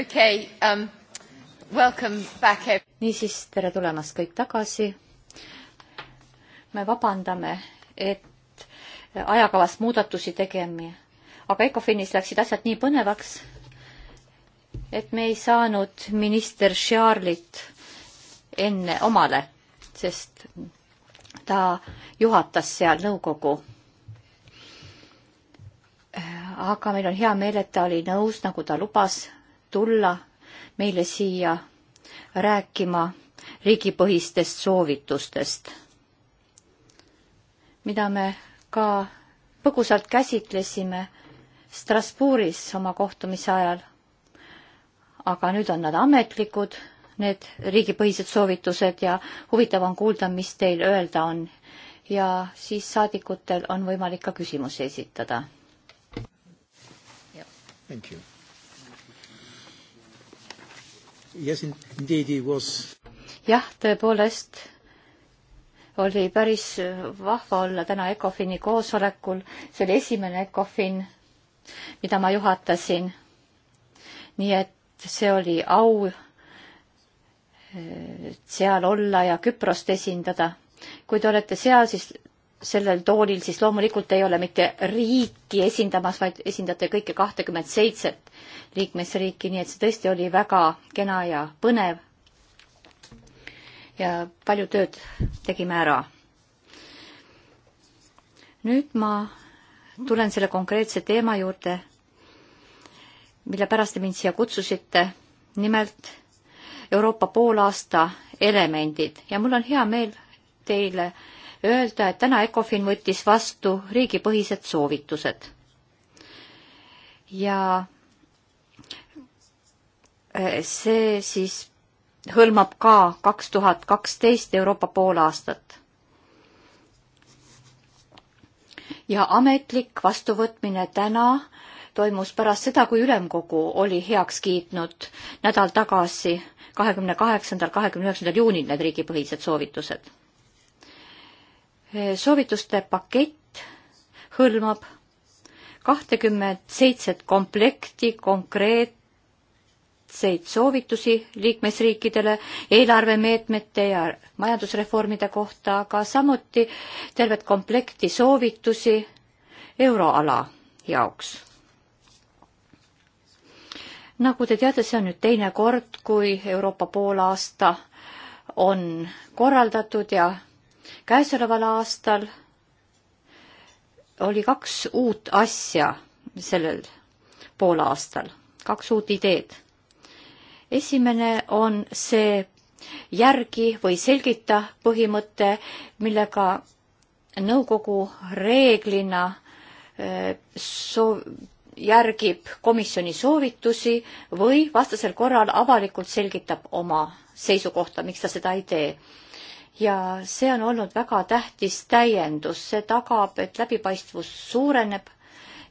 okei okay, um,, welcome back. niisiis, tere tulemast kõik tagasi. me vabandame, et ajakavas muudatusi tegime, aga ECOFINis läksid asjad nii põnevaks, et me ei saanud minister Charlit enne omale, sest ta juhatas seal nõukogu aga meil on hea meel, et ta oli nõus, nagu ta lubas, tulla meile siia rääkima riigipõhistest soovitustest, mida me ka põgusalt käsitlesime Strasbourgis oma kohtumise ajal. aga nüüd on nad ametlikud, need riigipõhised soovitused ja huvitav on kuulda, mis teil öelda on. ja siis saadikutel on võimalik ka küsimusi esitada. Thank you. Yes, indeed it was. jah, tõepoolest oli päris vahva olla täna ECOFIN-i koosolekul. see oli esimene ECOFIN, mida ma juhatasin. nii et see oli au eh, seal olla ja Küprost esindada. kui te olete seal, siis sellel toolil, siis loomulikult ei ole mitte riiki esindamas, vaid esindate kõike kahtekümmet seitset liikmesriiki, nii et see tõesti oli väga kena ja põnev. ja palju tööd tegime ära. nüüd ma tulen selle konkreetse teema juurde, mille pärast te mind siia kutsusite, nimelt Euroopa poolaasta elemendid ja mul on hea meel teile öelda, et täna Ecofin võttis vastu riigipõhised soovitused. ja äh, see siis hõlmab ka kaks tuhat kaksteist Euroopa poolaastat. ja ametlik vastuvõtmine täna toimus pärast seda, kui ülemkogu oli heaks kiitnud nädal tagasi, kahekümne kaheksandal, kahekümne üheksandal juunil need riigipõhised soovitused. Eh, soovituste pakett hõlmab kahtekümmet seitset komplekti konkreetseid soovitusi liikmesriikidele eelarvemeetmete ja majandusreformide kohta, aga samuti tervet komplekti soovitusi euroala jaoks nagu te teate, see on nüüd teine kord, kui Euroopa poolaasta on korraldatud ja käesoleval aastal oli kaks uut asja sellel poolaastal, kaks uut ideed. esimene on see järgi või selgita põhimõte, millega nõukogu reeglina äh, soov-, järgib komisjoni soovitusi või vastasel korral avalikult selgitab oma seisukohta, miks ta seda ei tee ja see on olnud väga tähtis täiendus, see tagab, et läbipaistvus suureneb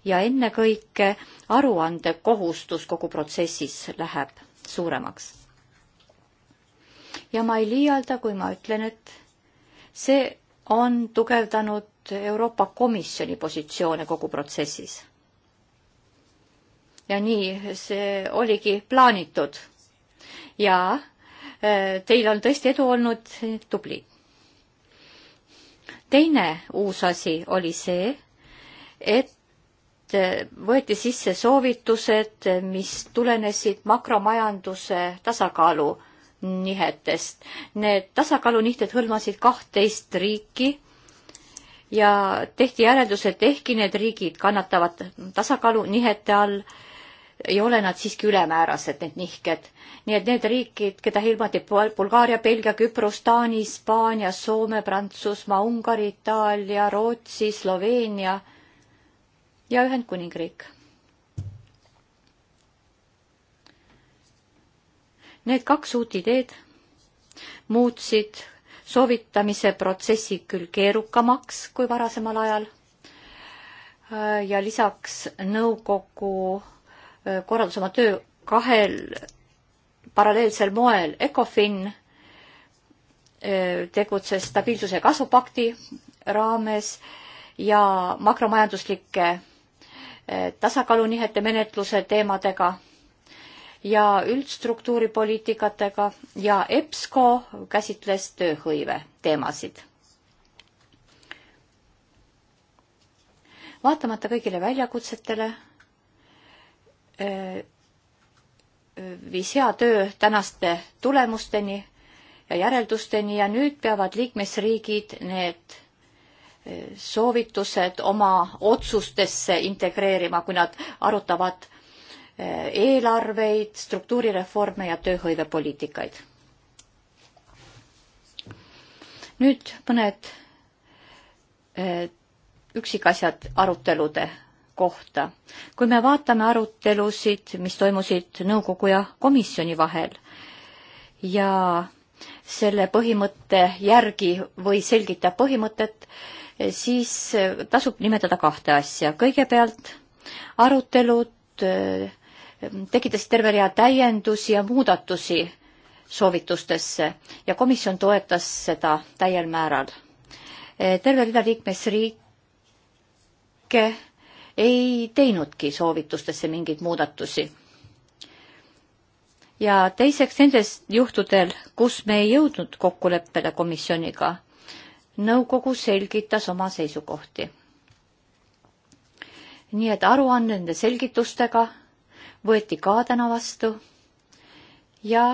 ja ennekõike aruandekohustus kogu protsessis läheb suuremaks. ja ma ei liialda, kui ma ütlen, et see on tugevdanud Euroopa Komisjoni positsioone kogu protsessis. ja nii see oligi plaanitud. ja Teil on tõesti edu olnud, tubli. teine uus asi oli see, et võeti sisse soovitused, mis tulenesid makromajanduse tasakaalu nihetest. Need tasakaalunihted hõlmasid kahtteist riiki ja tehti järeldus, et ehkki need riigid kannatavad tasakaalunihete all, ei ole nad siiski ülemäärased, need nihked. nii et need riigid, keda ilmati Bulgaaria, Belgia, Küpros, Taani, Hispaania, Soome, Prantsusmaa, Ungari, Itaalia, Rootsi, Sloveenia ja Ühendkuningriik. Need kaks uut ideed muutsid soovitamise protsessi küll keerukamaks kui varasemal ajal ja lisaks nõukogu korraldas oma töö kahel paralleelsel moel. Ecofin tegutses stabiilsuse ja kasvupakti raames ja makromajanduslike tasakaalunihete menetluse teemadega ja üldstruktuuripoliitikatega ja EBSCO käsitles tööhõive teemasid. vaatamata kõigile väljakutsetele viis hea töö tänaste tulemusteni ja järeldusteni ja nüüd peavad liikmesriigid need e, soovitused oma otsustesse integreerima, kui nad arutavad e, eelarveid, struktuurireforme ja tööhõivepoliitikaid. nüüd mõned e, üksikasjad arutelude kohta. kui me vaatame arutelusid, mis toimusid nõukogu ja komisjoni vahel ja selle põhimõtte järgi või selgitab põhimõtet, siis tasub nimetada kahte asja. kõigepealt arutelud eh, tekitasid terve rea täiendusi ja muudatusi soovitustesse ja komisjon toetas seda täiel määral. Eh, terve rida liikmesriike ei teinudki soovitustesse mingeid muudatusi. ja teiseks nendes juhtudel, kus me ei jõudnud kokkuleppele komisjoniga, nõukogu selgitas oma seisukohti. nii et aruanne nende selgitustega võeti ka täna vastu ja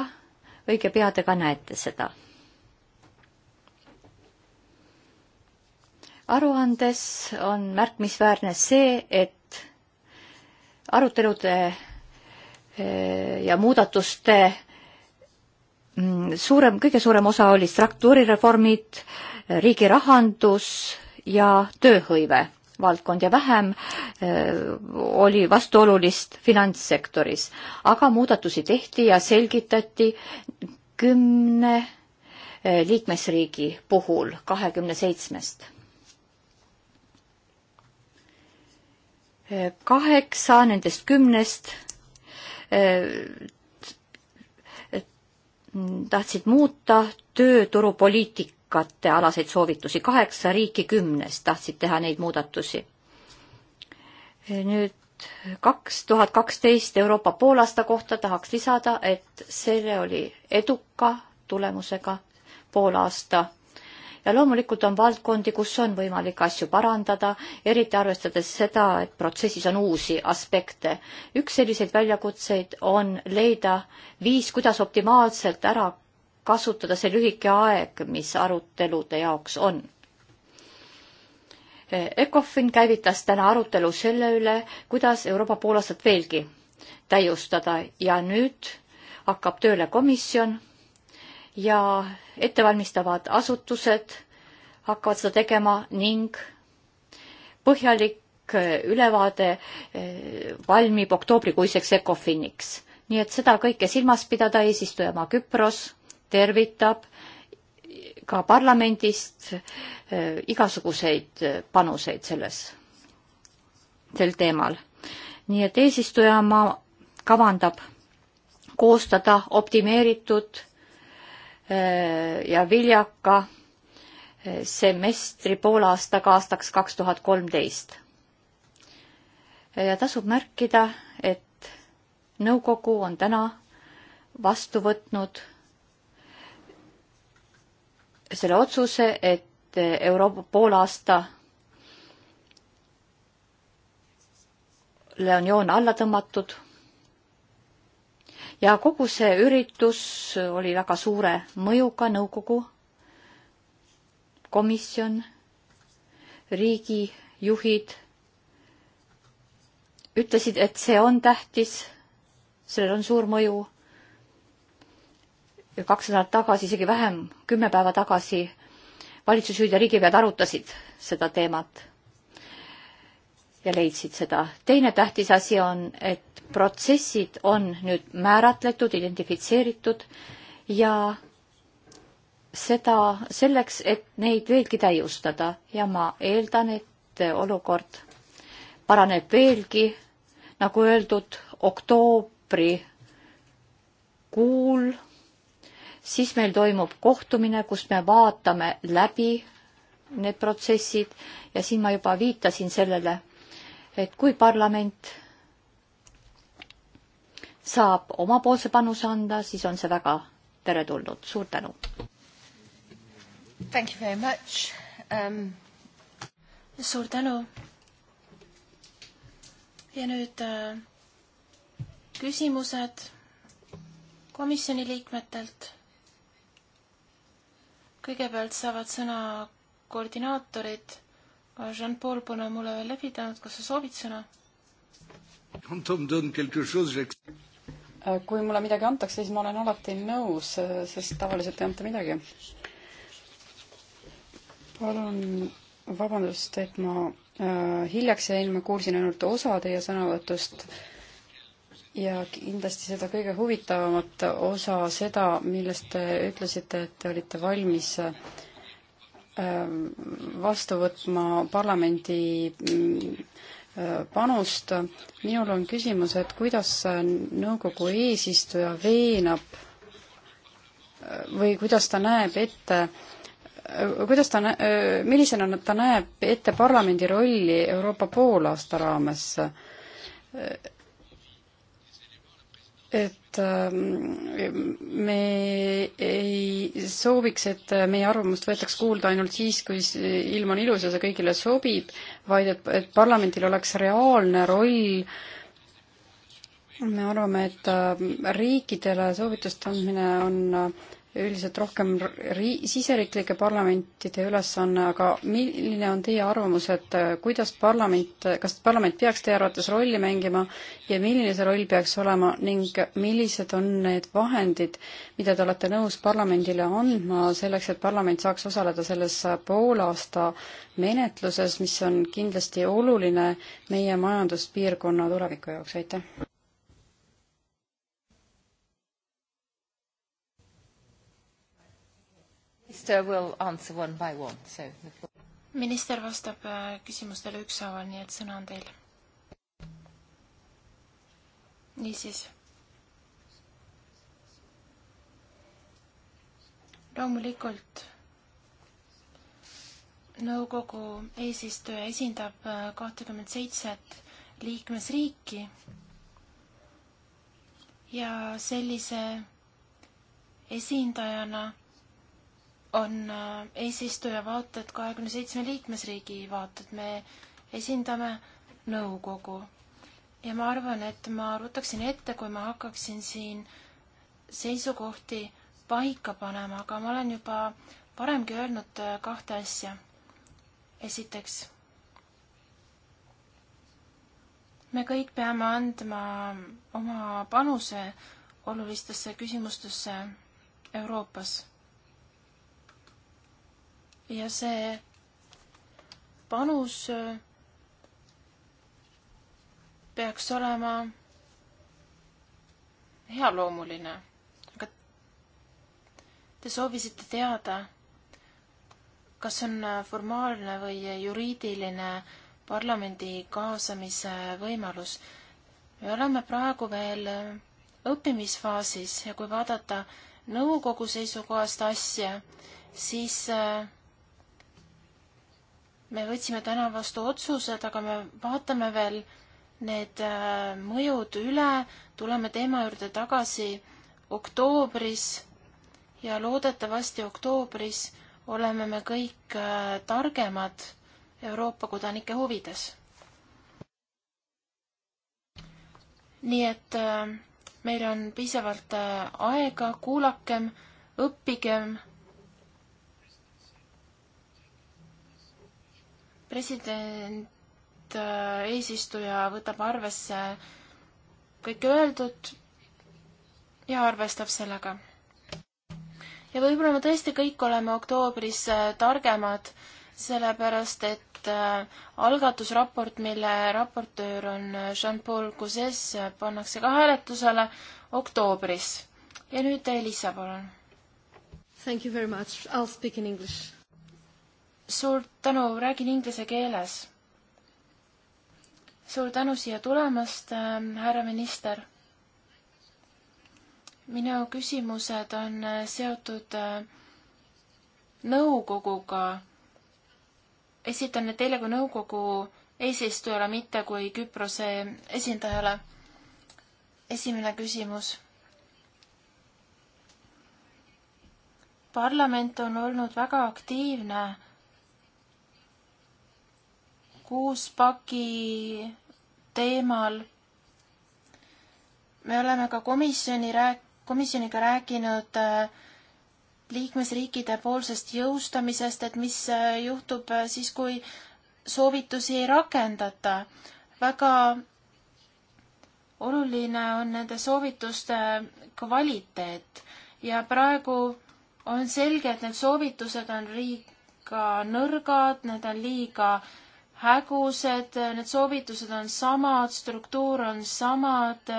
õige pea te ka näete seda aruandes on märkimisväärne see, et arutelude eh, ja muudatuste mm, suurem, kõige suurem osa oli struktuurireformid, eh, riigi rahandus ja tööhõive valdkond ja vähem eh, oli vastuolulist finantssektoris. aga muudatusi tehti ja selgitati kümne liikmesriigi puhul kahekümne seitsmest kaheksa nendest kümnest eh, tahtsid muuta tööturupoliitikate alaseid soovitusi, kaheksa riiki kümnest tahtsid teha neid muudatusi. Eh, nüüd kaks tuhat kaksteist Euroopa poolaasta kohta tahaks lisada, et see oli eduka tulemusega poolaasta ja loomulikult on valdkondi, kus on võimalik asju parandada, eriti arvestades seda, et protsessis on uusi aspekte. üks selliseid väljakutseid on leida viis, kuidas optimaalselt ära kasutada see lühike aeg, mis arutelude jaoks on ECOFIN käivitas täna arutelu selle üle, kuidas Euroopa poolaastat veelgi täiustada ja nüüd hakkab tööle komisjon ja ettevalmistavad asutused hakkavad seda tegema ning põhjalik äh, ülevaade äh, valmib oktoobrikuiseks ECOFINiks. nii et seda kõike silmas pidada eesistujamaa Küpros tervitab ka parlamendist äh, igasuguseid panuseid selles, sel teemal. nii et eesistujamaa kavandab koostada optimeeritud Äh, ja viljaka äh, semestri poolaastaga aastaks kaks tuhat kolmteist. ja tasub märkida, et nõukogu on täna vastu võtnud selle otsuse, et Euroopa poolaasta on joon alla tõmmatud ja kogu see üritus oli väga suure mõjuga, nõukogu, komisjon, riigijuhid ütlesid, et see on tähtis, sellel on suur mõju. kaks nädalat tagasi, isegi vähem, kümme päeva tagasi valitsusjuhid ja riigipead arutasid seda teemat ja leidsid seda. teine tähtis asi on, et protsessid on nüüd määratletud, identifitseeritud ja seda selleks, et neid veelgi täiustada ja ma eeldan, et olukord paraneb veelgi, nagu öeldud, oktoobri kuul, siis meil toimub kohtumine, kus me vaatame läbi need protsessid ja siin ma juba viitasin sellele, et kui parlament saab omapoolse panuse anda, siis on see väga teretulnud. suur tänu! Thank you very much um,! suur tänu! ja nüüd äh, küsimused komisjoni liikmetelt. kõigepealt saavad sõna koordinaatorid Jean-Paul pole mulle veel läbi teinud, kas sa soovid sõna? Äh, kui mulle midagi antakse, siis ma olen alati nõus, äh, sest tavaliselt ei anta midagi. palun vabandust, et ma äh, hiljaks jäin, ma kuulsin ainult osa teie sõnavõtust ja kindlasti seda kõige huvitavamat osa, seda, millest te ütlesite, et te olite valmis äh, Ähm, vastu võtma parlamendi mm, äh, panust. minul on küsimus, et kuidas nõukogu eesistuja veenab äh, või kuidas ta näeb ette, äh, kuidas ta, millisena ta näeb ette parlamendi rolli Euroopa poolaasta raames? et ähm, me ei sooviks, et meie arvamust võetaks kuulda ainult siis, kui ilm on ilus ja see kõigile sobib, vaid et, et parlamendil oleks reaalne roll. me arvame, et ähm, riikidele soovituste andmine on äh, üldiselt rohkem ri-, siseriiklike parlamentide ülesanne, aga milline on teie arvamus, et äh, kuidas parlament, kas parlament peaks teie arvates rolli mängima ja milline see roll peaks olema ning millised on need vahendid, mida te olete nõus parlamendile andma selleks, et parlament saaks osaleda selles äh, poolaasta menetluses, mis on kindlasti oluline meie majanduspiirkonna tuleviku jaoks, aitäh! minister will answer one by one, so the floor. minister vastab äh, küsimustele ükshaaval, nii et sõna on teil. niisiis. loomulikult nõukogu eesistuja esindab äh, kahtekümmet seitset liikmesriiki ja sellise esindajana on äh, eesistuja vaated kahekümne seitsme liikmesriigi vaated, me esindame nõukogu. ja ma arvan, et ma rutaksin ette, kui ma hakkaksin siin seisukohti paika panema, aga ma olen juba varemgi öelnud äh, kahte asja. esiteks, me kõik peame andma oma panuse olulistesse küsimustesse Euroopas ja see panus äh, peaks olema healoomuline, aga te soovisite teada, kas on äh, formaalne või juriidiline parlamendi kaasamise võimalus. me oleme praegu veel äh, õppimisfaasis ja kui vaadata nõukogu seisukohast asja, siis äh, me võtsime täna vastu otsused, aga me vaatame veel need äh, mõjud üle, tuleme teema juurde tagasi oktoobris ja loodetavasti oktoobris oleme me kõik äh, targemad Euroopa kodanike huvides. nii et äh, meil on piisavalt aega, kuulakem, õppigem president, äh, eesistuja võtab arvesse kõike öeldut ja arvestab sellega. ja võib-olla me tõesti kõik oleme oktoobris äh, targemad, sellepärast et äh, algatusraport, mille raportöör on Jean-Paul Cousses, pannakse ka hääletusele oktoobris. ja nüüd Elisa, palun. Thank you very much, I will speak in english suur tänu, räägin inglise keeles. suur tänu siia tulemast äh,, härra minister. minu küsimused on äh, seotud äh, nõukoguga. esitan need teile kui nõukogu eesistujale, mitte kui Küprose esindajale. esimene küsimus parlament on olnud väga aktiivne kuuspaki teemal. me oleme ka komisjoni rääk-, komisjoniga rääkinud äh, liikmesriikide poolsest jõustamisest, et mis äh, juhtub äh, siis, kui soovitusi ei rakendata. väga oluline on nende soovituste kvaliteet ja praegu on selge, et need soovitused on liiga nõrgad, need on liiga äh, hägused, need soovitused on samad, struktuur on samad,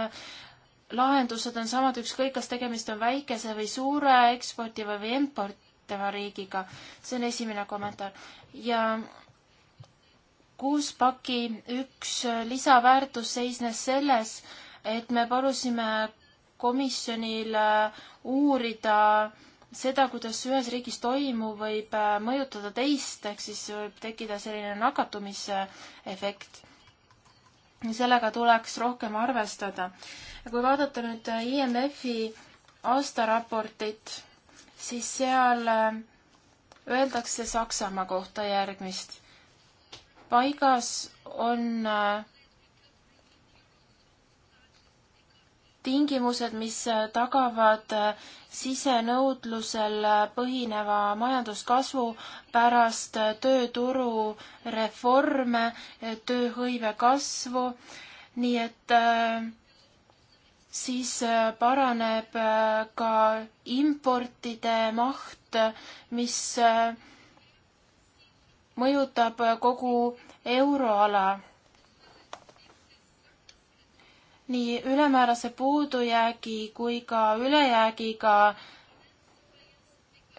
lahendused on samad, ükskõik, kas tegemist on väikese või suure eksportiva või importiva riigiga. see on esimene kommentaar. ja kuus paki üks lisaväärtus seisnes selles, et me palusime komisjonil uurida äh, seda, kuidas ühes riigis toimuv võib äh, mõjutada teist, ehk siis võib tekkida selline nakatumise efekt. sellega tuleks rohkem arvestada. kui vaadata nüüd äh, IMF-i aastaraportit, siis seal äh, öeldakse Saksamaa kohta järgmist. paigas on äh, tingimused, mis tagavad sisenõudlusel põhineva majanduskasvu pärast tööturu reforme, tööhõive kasvu, nii et äh, siis äh, paraneb äh, ka importide maht, mis mõjutab kogu euroala nii ülemäärase puudujäägi kui ka ülejäägiga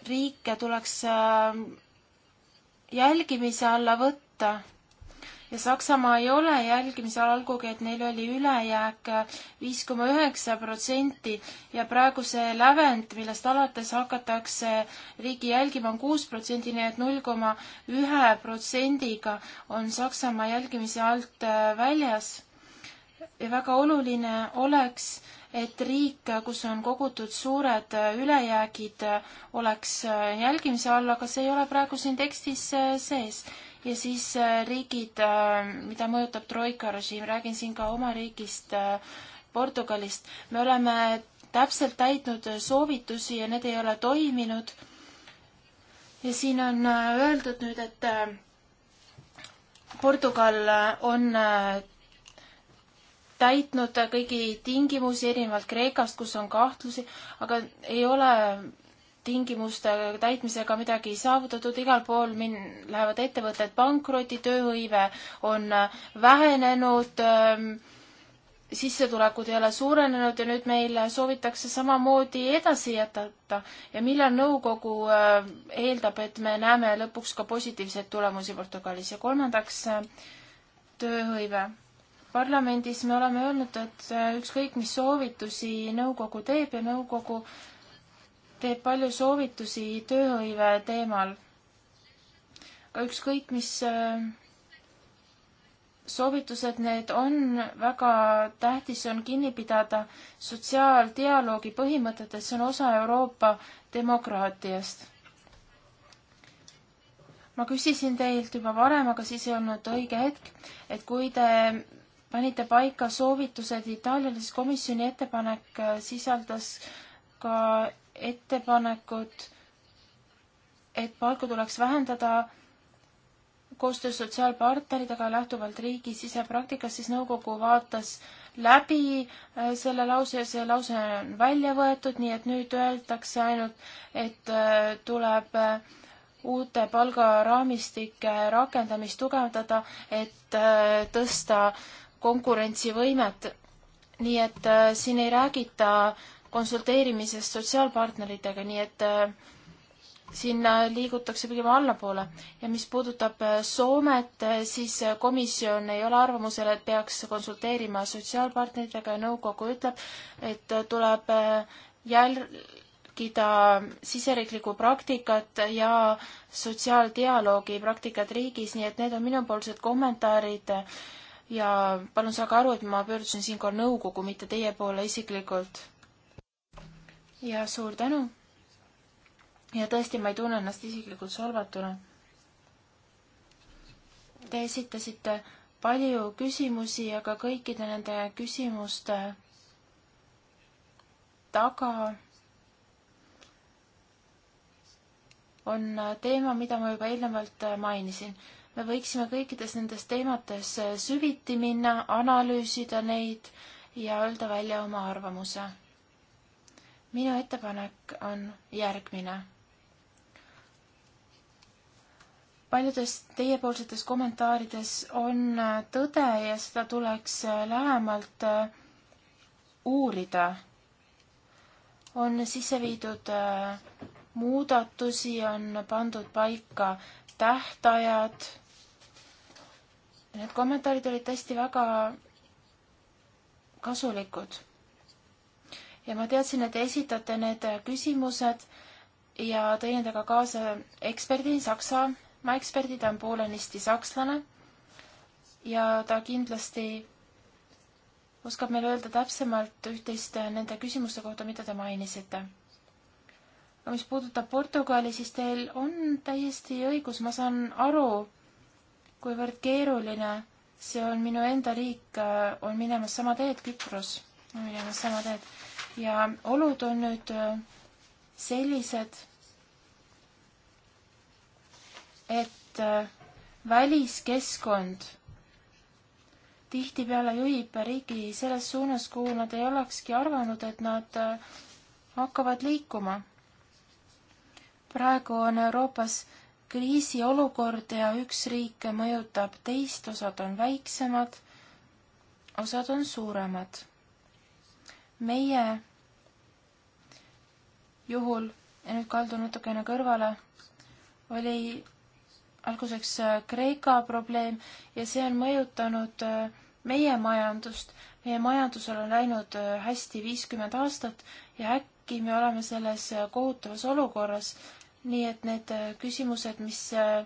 riike tuleks äh, jälgimise alla võtta. ja Saksamaa ei ole jälgimise all, olgugi et neil oli ülejääk äh, viis koma üheksa protsenti ja praegu see lävend, millest alates hakatakse riigi jälgima on, on kuus protsenti, nii et null koma ühe protsendiga on Saksamaa jälgimise alt äh, väljas ja väga oluline oleks, et riik, kus on kogutud suured ülejäägid, oleks jälgimise all, aga see ei ole praegu siin tekstis sees. ja siis äh, riigid, äh, mida mõjutab troika režiim, räägin siin ka oma riigist, äh, Portugalist, me oleme täpselt täitnud soovitusi ja need ei ole toiminud. ja siin on öeldud nüüd, et Portugal on täitnud kõigi tingimusi, erinevalt Kreekast, kus on kahtlusi, aga ei ole tingimuste täitmisega midagi saavutatud, igal pool min-, lähevad ettevõtted pankrotti, tööhõive on vähenenud, ähm, sissetulekud ei ole suurenenud ja nüüd meil soovitakse samamoodi edasi jätata. ja millal nõukogu äh, eeldab, et me näeme lõpuks ka positiivseid tulemusi Portugalis ja kolmandaks äh, tööhõive parlamendis me oleme öelnud, et äh, ükskõik, mis soovitusi nõukogu teeb ja nõukogu teeb palju soovitusi tööhõive teemal. aga ükskõik, mis äh, soovitused need on, väga tähtis on kinni pidada sotsiaaldialoogi põhimõtetest, see on osa Euroopa demokraatiast. ma küsisin teilt juba varem, aga siis ei olnud õige hetk, et kui te panite paika soovitused Itaaliale, siis komisjoni ettepanek äh, sisaldas ka ettepanekut, et palku tuleks vähendada koostöös sotsiaalpartneritega lähtuvalt riigi sisepraktikast, siis nõukogu vaatas läbi äh, selle lause ja see lause on välja võetud, nii et nüüd öeldakse ainult, et äh, tuleb uute palgaraamistike rakendamist tugevdada, et tõsta konkurentsivõimet. nii et äh, siin ei räägita konsulteerimisest sotsiaalpartneritega, nii et äh, sinna äh, liigutakse pigem allapoole. ja mis puudutab äh, Soomet, äh, siis komisjon ei ole arvamusel, et peaks konsulteerima sotsiaalpartneritega ja nõukogu ütleb, et tuleb jälgida siseriiklikku praktikat ja sotsiaaldialoogi praktikat riigis, nii et need on minupoolsed kommentaarid ja palun saage aru, et ma pöördusin siinkohal nõukogu, mitte teie poole isiklikult. ja suur tänu. ja tõesti, ma ei tunne ennast isiklikult solvatuna. Te esitasite palju küsimusi, aga kõikide nende küsimuste taga on teema, mida ma juba eelnevalt mainisin me võiksime kõikides nendes teemates äh, süviti minna, analüüsida neid ja öelda välja oma arvamuse. minu ettepanek on järgmine. paljudes teiepoolsetes kommentaarides on äh, tõde ja seda tuleks äh, lähemalt uurida. on sisse viidud muudatusi, on pandud paika tähtajad. Need kommentaarid olid tõesti väga kasulikud. ja ma teadsin, et te esitate need küsimused ja tõin endaga kaasa eksperdi, Saksamaa eksperdi, ta on poolenisti sakslane. ja ta kindlasti oskab meile öelda täpsemalt üht-teist nende küsimuste kohta, mida te mainisite aga mis puudutab Portugali, siis teil on täiesti õigus, ma saan aru, kuivõrd keeruline see on, minu enda riik on minemas sama teed, Küpros on minemas sama teed ja olud on nüüd äh, sellised, et äh, väliskeskkond tihtipeale juhib riigi selles suunas, kuhu nad ei olekski arvanud, et nad äh, hakkavad liikuma praegu on Euroopas kriisiolukord ja üks riik mõjutab teist, osad on väiksemad, osad on suuremad. meie juhul, ja nüüd kaldun natukene kõrvale, oli alguseks äh, Kreeka probleem ja see on mõjutanud äh, meie majandust. meie majandusel on läinud äh, hästi viiskümmend aastat ja äkki me oleme selles kohutavas olukorras, nii et need äh, küsimused, mis äh,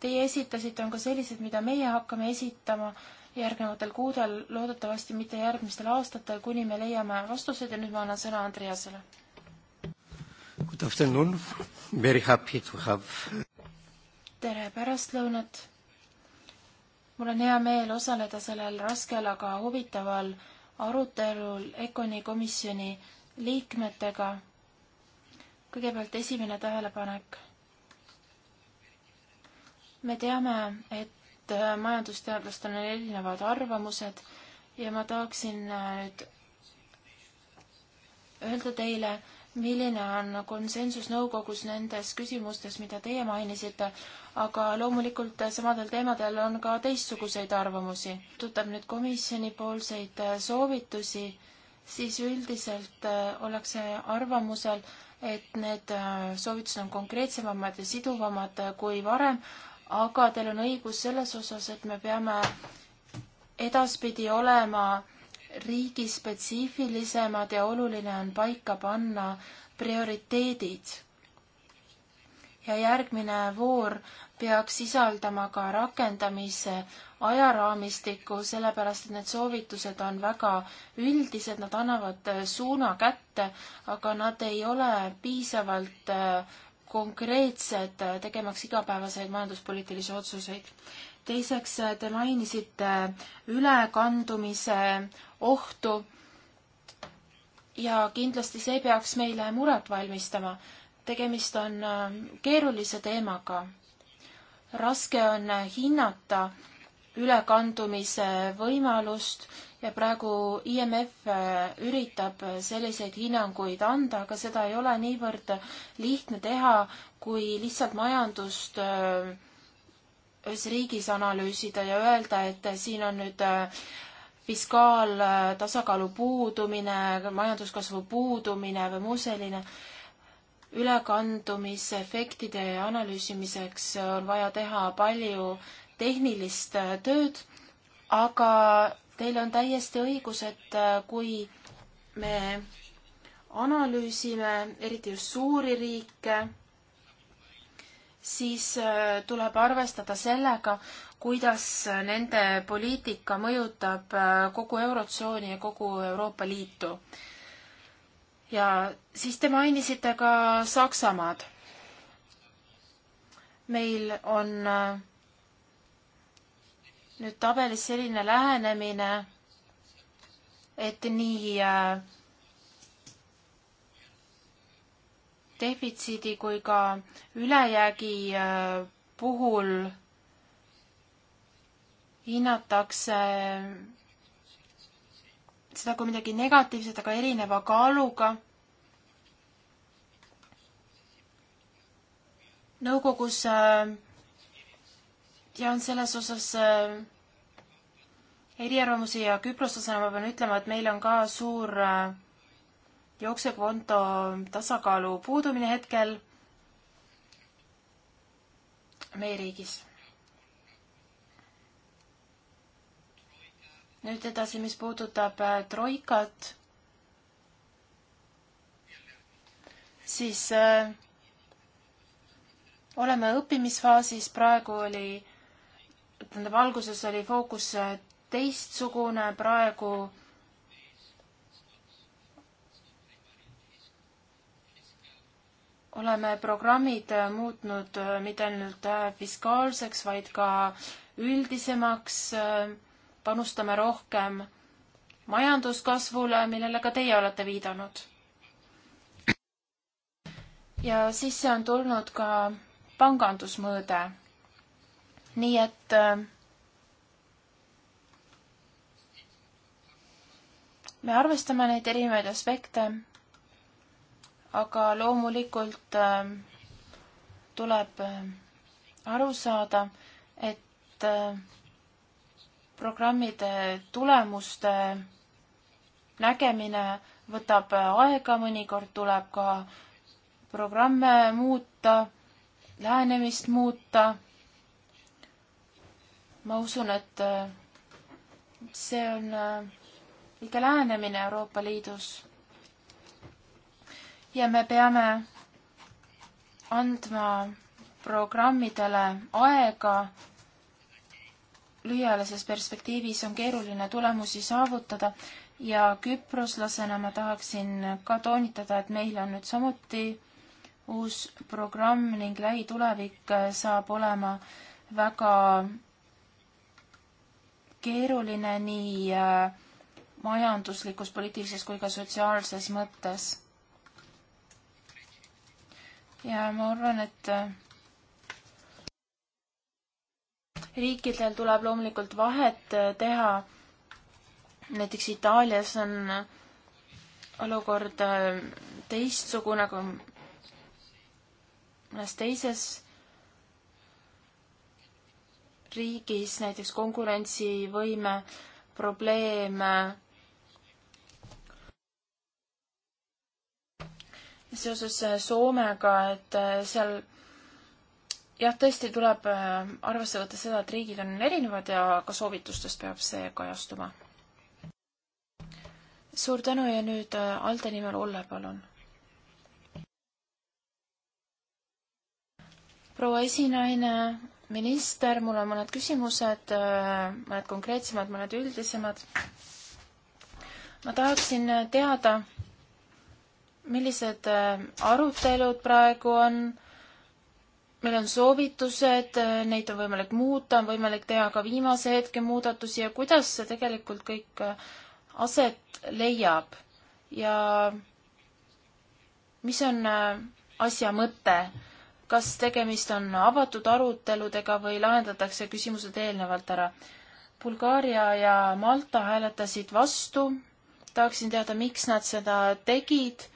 teie esitasite, on ka sellised, mida meie hakkame esitama järgnevatel kuudel, loodetavasti mitte järgmistel aastatel, kuni me leiame vastused ja nüüd ma annan sõna Andreasele. Good afternoon, very happy to have. tere pärastlõunat. mul on hea meel osaleda sellel raskel, aga huvitaval arutelul EKONi komisjoni liikmetega kõigepealt esimene tähelepanek. me teame, et majandusteadlastel on erinevad arvamused ja ma tahaksin äh, nüüd öelda teile, milline on konsensus nõukogus nendes küsimustes, mida teie mainisite, aga loomulikult samadel teemadel on ka teistsuguseid arvamusi. tuttav nüüd komisjonipoolseid äh, soovitusi, siis üldiselt äh, ollakse arvamusel, et need äh, soovitused on konkreetsemad ja siduvamad äh, kui varem, aga teil on õigus selles osas, et me peame edaspidi olema riigispetsiifilisemad ja oluline on paika panna prioriteedid ja järgmine voor peaks sisaldama ka rakendamise ajaraamistikku, sellepärast et need soovitused on väga üldised, nad annavad äh, suuna kätte, aga nad ei ole piisavalt äh, konkreetsed, äh, tegemaks igapäevaseid majanduspoliitilisi otsuseid. teiseks, te mainisite ülekandumise ohtu ja kindlasti see peaks meile muret valmistama tegemist on äh, keerulise teemaga. raske on äh, hinnata ülekandumise võimalust ja praegu IMF äh, üritab selliseid hinnanguid anda, aga seda ei ole niivõrd lihtne teha, kui lihtsalt majandust ühes riigis analüüsida ja öelda, et siin on nüüd fiskaaltasakaalu puudumine, majanduskasvu puudumine või muu selline ülekandumisefektide analüüsimiseks on vaja teha palju tehnilist tööd, aga teil on täiesti õigus, et äh, kui me analüüsime eriti just suuri riike, siis äh, tuleb arvestada sellega, kuidas nende poliitika mõjutab äh, kogu Eurotsooni ja kogu Euroopa Liitu ja siis te mainisite ka Saksamaad. meil on äh, nüüd tabelis selline lähenemine, et nii äh, defitsiidi kui ka ülejäägi äh, puhul hinnatakse seda kui midagi negatiivset, aga erineva kaaluga. nõukogus äh, ja on selles osas äh, eriarvamusi ja küproslasena ma pean ütlema, et meil on ka suur äh, jooksekonto tasakaalu puudumine hetkel meie riigis nüüd edasi, mis puudutab äh, troikat, siis äh, oleme õppimisfaasis, praegu oli, tähendab, alguses oli fookus äh, teistsugune, praegu oleme programmid äh, muutnud mitte ainult fiskaalseks, vaid ka üldisemaks äh, panustame rohkem majanduskasvule, millele ka teie olete viidanud. ja sisse on tulnud ka pangandusmõõde. nii et äh, me arvestame neid erinevaid aspekte, aga loomulikult äh, tuleb äh, aru saada, et programmide tulemuste nägemine võtab aega, mõnikord tuleb ka programme muuta, lähenemist muuta. ma usun, et see on õige lähenemine Euroopa Liidus. ja me peame andma programmidele aega lühiajalises perspektiivis on keeruline tulemusi saavutada ja küproslasena ma tahaksin ka toonitada, et meil on nüüd samuti uus programm ning lähitulevik saab olema väga keeruline nii äh, majanduslikus, poliitilises kui ka sotsiaalses mõttes. ja ma arvan, et äh, riikidel tuleb loomulikult vahet äh, teha. näiteks Itaalias on äh, olukord äh, teistsugune kui mõnes teises riigis, näiteks konkurentsivõime probleeme seoses Soomega, et seal jah, tõesti tuleb äh, arvesse võtta seda, et riigid on erinevad ja ka soovitustes peab see kajastuma. suur tänu ja nüüd äh, Alde nimel Olle, palun. proua esinaine, minister, mul on mõned küsimused, äh, mõned konkreetsemad, mõned üldisemad. ma tahaksin teada, millised arutelud praegu on meil on soovitused, neid on võimalik muuta, on võimalik teha ka viimase hetke muudatusi ja kuidas see tegelikult kõik äh, aset leiab ja mis on äh, asja mõte, kas tegemist on avatud aruteludega või lahendatakse küsimused eelnevalt ära. Bulgaaria ja Malta hääletasid vastu, tahaksin teada, miks nad seda tegid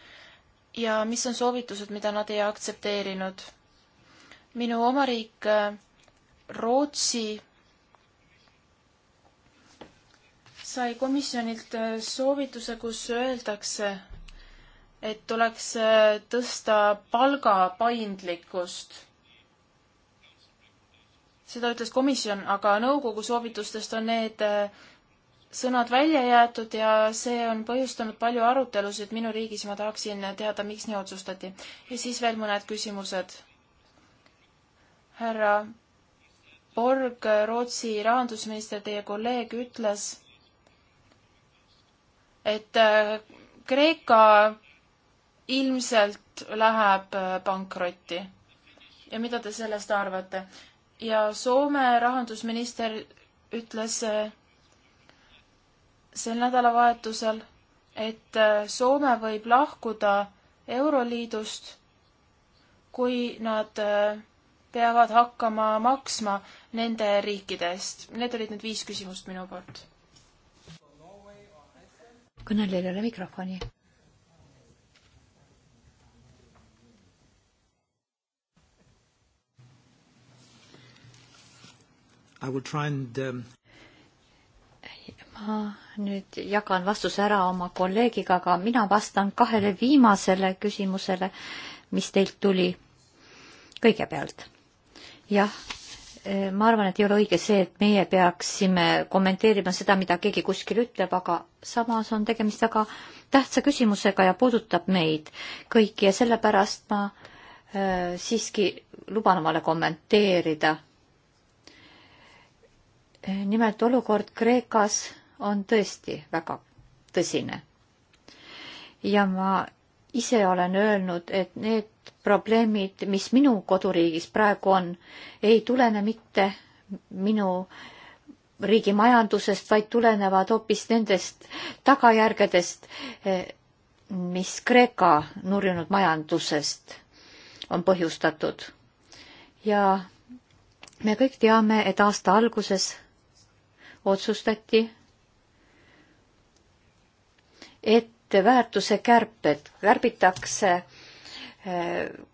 ja mis on soovitused, mida nad ei aktsepteerinud minu oma riik äh, Rootsi sai komisjonilt äh, soovituse, kus öeldakse, et tuleks äh, tõsta palga paindlikkust. seda ütles komisjon, aga nõukogu soovitustest on need sõnad välja jäetud ja see on põhjustanud palju arutelusid minu riigis, ma tahaksin teada, miks nii otsustati. ja siis veel mõned küsimused härra Borg, Rootsi rahandusminister, teie kolleeg ütles, et äh, Kreeka ilmselt läheb äh, pankrotti. ja mida te sellest arvate? ja Soome rahandusminister ütles äh, sel nädalavahetusel, et Soome võib lahkuda Euroliidust, kui nad äh, peavad hakkama maksma nende riikide eest? Need olid need viis küsimust minu poolt. kõnelejale mikrofoni. I will try and um... ma nüüd jagan vastuse ära oma kolleegiga, aga mina vastan kahele viimasele küsimusele, mis teilt tuli kõigepealt jah, eh, ma arvan, et ei ole õige see, et meie peaksime kommenteerima seda, mida keegi kuskil ütleb, aga samas on tegemist väga tähtsa küsimusega ja puudutab meid kõiki ja sellepärast ma äh, siiski luban omale kommenteerida. Eh, nimelt olukord Kreekas on tõesti väga tõsine. ja ma ise olen öelnud, et need probleemid, mis minu koduriigis praegu on, ei tulene mitte minu riigi majandusest, vaid tulenevad hoopis nendest tagajärgedest, mis Kreeka nurjunud majandusest on põhjustatud. ja me kõik teame, et aasta alguses otsustati, et väärtuse kärped, kärbitakse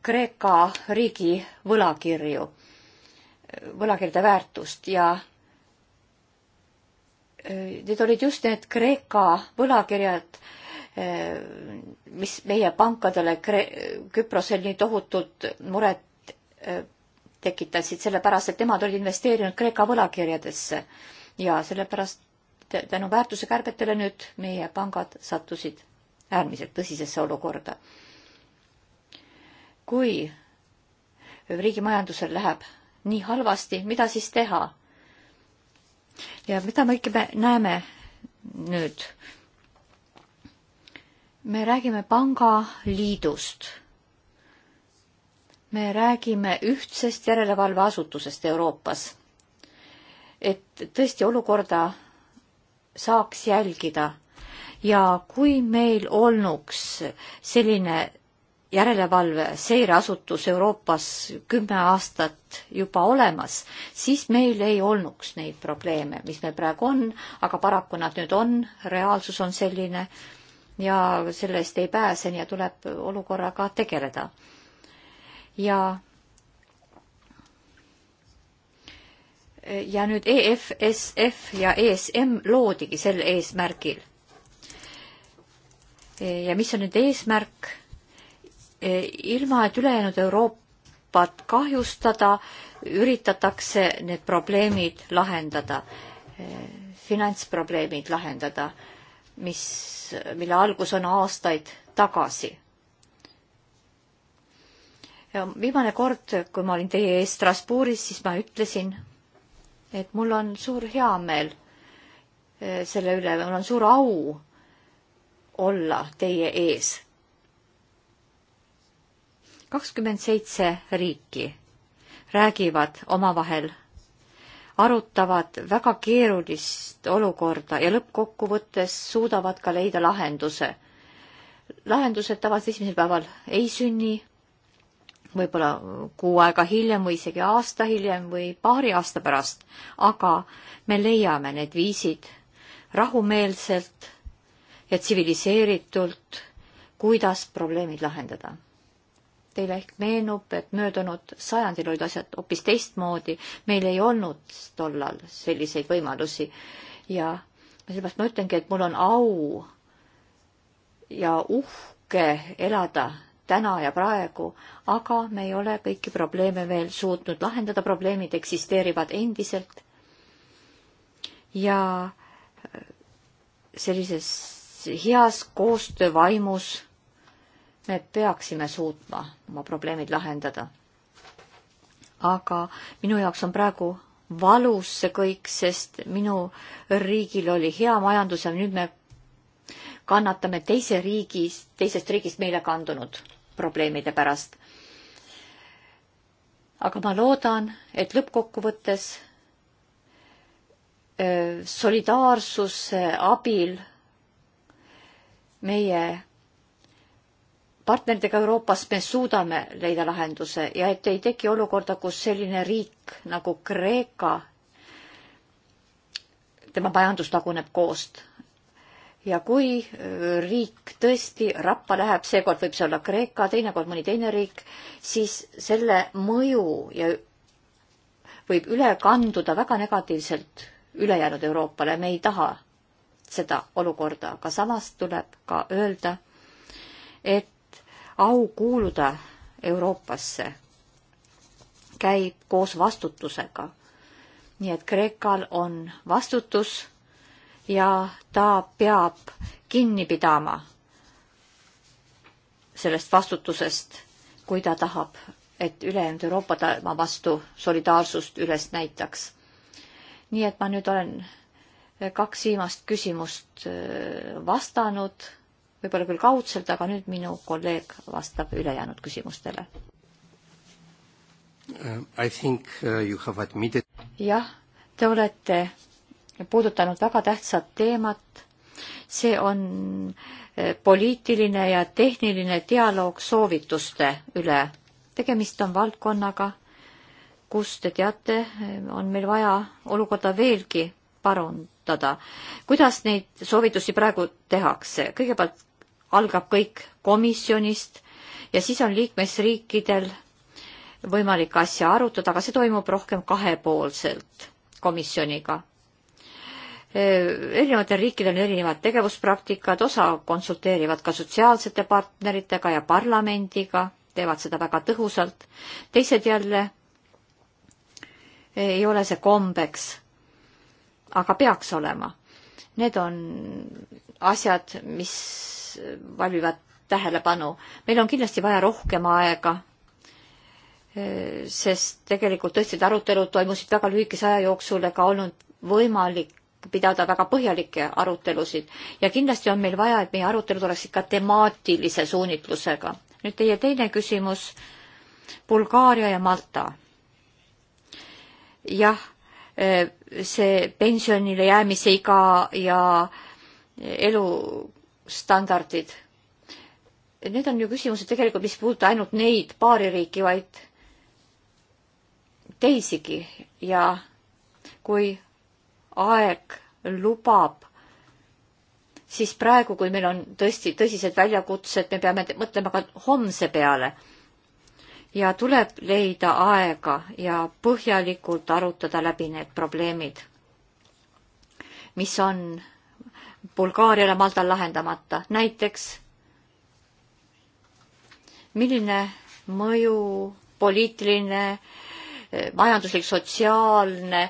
Kreeka riigi võlakirju, võlakirjade väärtust ja e, need olid just need Kreeka võlakirjad, e, mis meie pankadele Kre-, Küprosel nii tohutut muret e, tekitasid, sellepärast et nemad olid investeerinud Kreeka võlakirjadesse ja sellepärast tänu väärtuse kärbetele nüüd meie pangad sattusid äärmiselt tõsisesse olukorda kui riigi majandusel läheb nii halvasti, mida siis teha? ja mida me ikka näeme nüüd? me räägime pangaliidust. me räägime ühtsest järelevalveasutusest Euroopas. et tõesti olukorda saaks jälgida ja kui meil olnuks selline järelevalve seireasutus Euroopas kümme aastat juba olemas, siis meil ei olnuks neid probleeme, mis meil praegu on, aga paraku nad nüüd on, reaalsus on selline ja sellest ei pääse, nii et tuleb olukorraga tegeleda. ja ja nüüd EFSF ja ESM loodigi sel eesmärgil. ja mis on nüüd eesmärk? ilma, et ülejäänud Euroopat kahjustada, üritatakse need probleemid lahendada, finantsprobleemid lahendada, mis, mille algus on aastaid tagasi. ja viimane kord, kui ma olin teie ees Strasbourgis, siis ma ütlesin, et mul on suur heameel eh, selle üle, mul on suur au olla teie ees kakskümmend seitse riiki räägivad omavahel, arutavad väga keerulist olukorda ja lõppkokkuvõttes suudavad ka leida lahenduse. lahendused tavaliselt esimesel päeval ei sünni, võib-olla kuu aega hiljem või isegi aasta hiljem või paari aasta pärast, aga me leiame need viisid rahumeelselt ja tsiviliseeritult, kuidas probleemid lahendada Teile ehk meenub, et möödunud sajandil olid asjad hoopis teistmoodi, meil ei olnud tollal selliseid võimalusi ja sellepärast ma ütlengi, et mul on au ja uhke elada täna ja praegu, aga me ei ole kõiki probleeme veel suutnud lahendada, probleemid eksisteerivad endiselt. ja sellises heas koostöövaimus me peaksime suutma oma probleemid lahendada. aga minu jaoks on praegu valus see kõik, sest minu riigil oli hea majandus ja nüüd me kannatame teise riigis, teisest riigist meile kandunud probleemide pärast. aga ma loodan, et lõppkokkuvõttes äh, solidaarsuse abil meie partneritega Euroopas me suudame leida lahenduse ja et ei teki olukorda, kus selline riik nagu Kreeka, tema majandus laguneb koost. ja kui riik tõesti rappa läheb, seekord võib see olla Kreeka, teinekord mõni teine riik, siis selle mõju ja võib üle kanduda väga negatiivselt ülejäänud Euroopale, me ei taha seda olukorda, aga samas tuleb ka öelda, et au kuuluda Euroopasse käib koos vastutusega. nii et Kreekal on vastutus ja ta peab kinni pidama sellest vastutusest, kui ta tahab, et ülejäänud Euroopa tema vastu solidaarsust üles näitaks. nii et ma nüüd olen kaks viimast küsimust äh, vastanud võib-olla küll kaudselt, aga nüüd minu kolleeg vastab ülejäänud küsimustele. Uh, uh, jah, te olete puudutanud väga tähtsat teemat. see on uh, poliitiline ja tehniline dialoog soovituste üle. tegemist on valdkonnaga, kus te teate, on meil vaja olukorda veelgi parandada. kuidas neid soovitusi praegu tehakse? kõigepealt algab kõik komisjonist ja siis on liikmesriikidel võimalik asja arutada, aga see toimub rohkem kahepoolselt komisjoniga. erinevatel riikidel on erinevad tegevuspraktikad, osa konsulteerivad ka sotsiaalsete partneritega ja parlamendiga, teevad seda väga tõhusalt, teised jälle ei ole see kombeks, aga peaks olema. Need on asjad, mis valmivad tähelepanu. meil on kindlasti vaja rohkem aega, sest tegelikult tõesti need arutelud toimusid väga lühikese aja jooksul ega olnud võimalik pidada väga põhjalikke arutelusid ja kindlasti on meil vaja, et meie arutelud oleksid ka temaatilise suunitlusega. nüüd teie teine küsimus, Bulgaaria ja Malta. jah, see pensionile jäämise iga ja äh, elustandardid. Need on ju küsimused tegelikult, mis puuduta ainult neid paari riiki, vaid teisigi ja kui aeg lubab, siis praegu, kui meil on tõesti tõsised väljakutsed, me peame mõtlema ka homse peale. ja tuleb leida aega ja põhjalikult arutada läbi need probleemid, mis on Bulgaariale Maltal lahendamata. näiteks milline mõju poliitiline, eh, majanduslik, sotsiaalne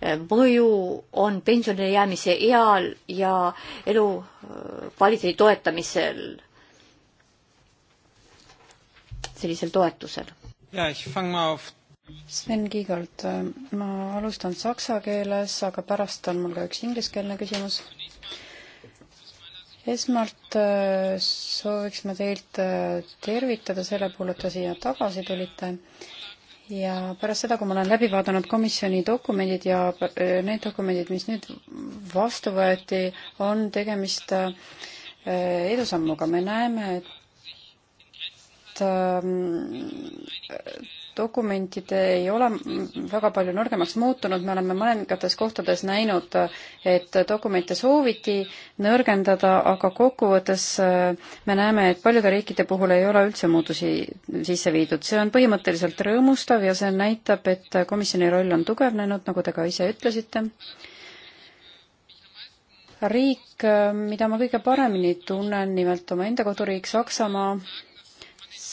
eh, mõju on pensionile jäämise eal ja elukvaliteedi eh, toetamisel, sellisel toetusel? Sven Kiigolt, ma alustan saksa keeles, aga pärast on mul ka üks ingliskeelne küsimus esmalt äh, sooviks ma teilt äh, tervitada selle puhul, et te siia tagasi tulite ja pärast seda, kui ma olen läbi vaadanud komisjoni dokumendid ja äh, need dokumendid, mis nüüd vastu võeti, on tegemist edusammuga, me näeme, et ähm, dokumendid ei ole väga palju nõrgemaks muutunud, me oleme mõningates kohtades näinud, et dokumente sooviti nõrgendada, aga kokkuvõttes äh, me näeme, et paljude riikide puhul ei ole üldse muutusi sisse viidud. see on põhimõtteliselt rõõmustav ja see näitab, et komisjoni roll on tugevnenud, nagu te ka ise ütlesite. riik, äh, mida ma kõige paremini tunnen, nimelt omaenda koduriik Saksamaa,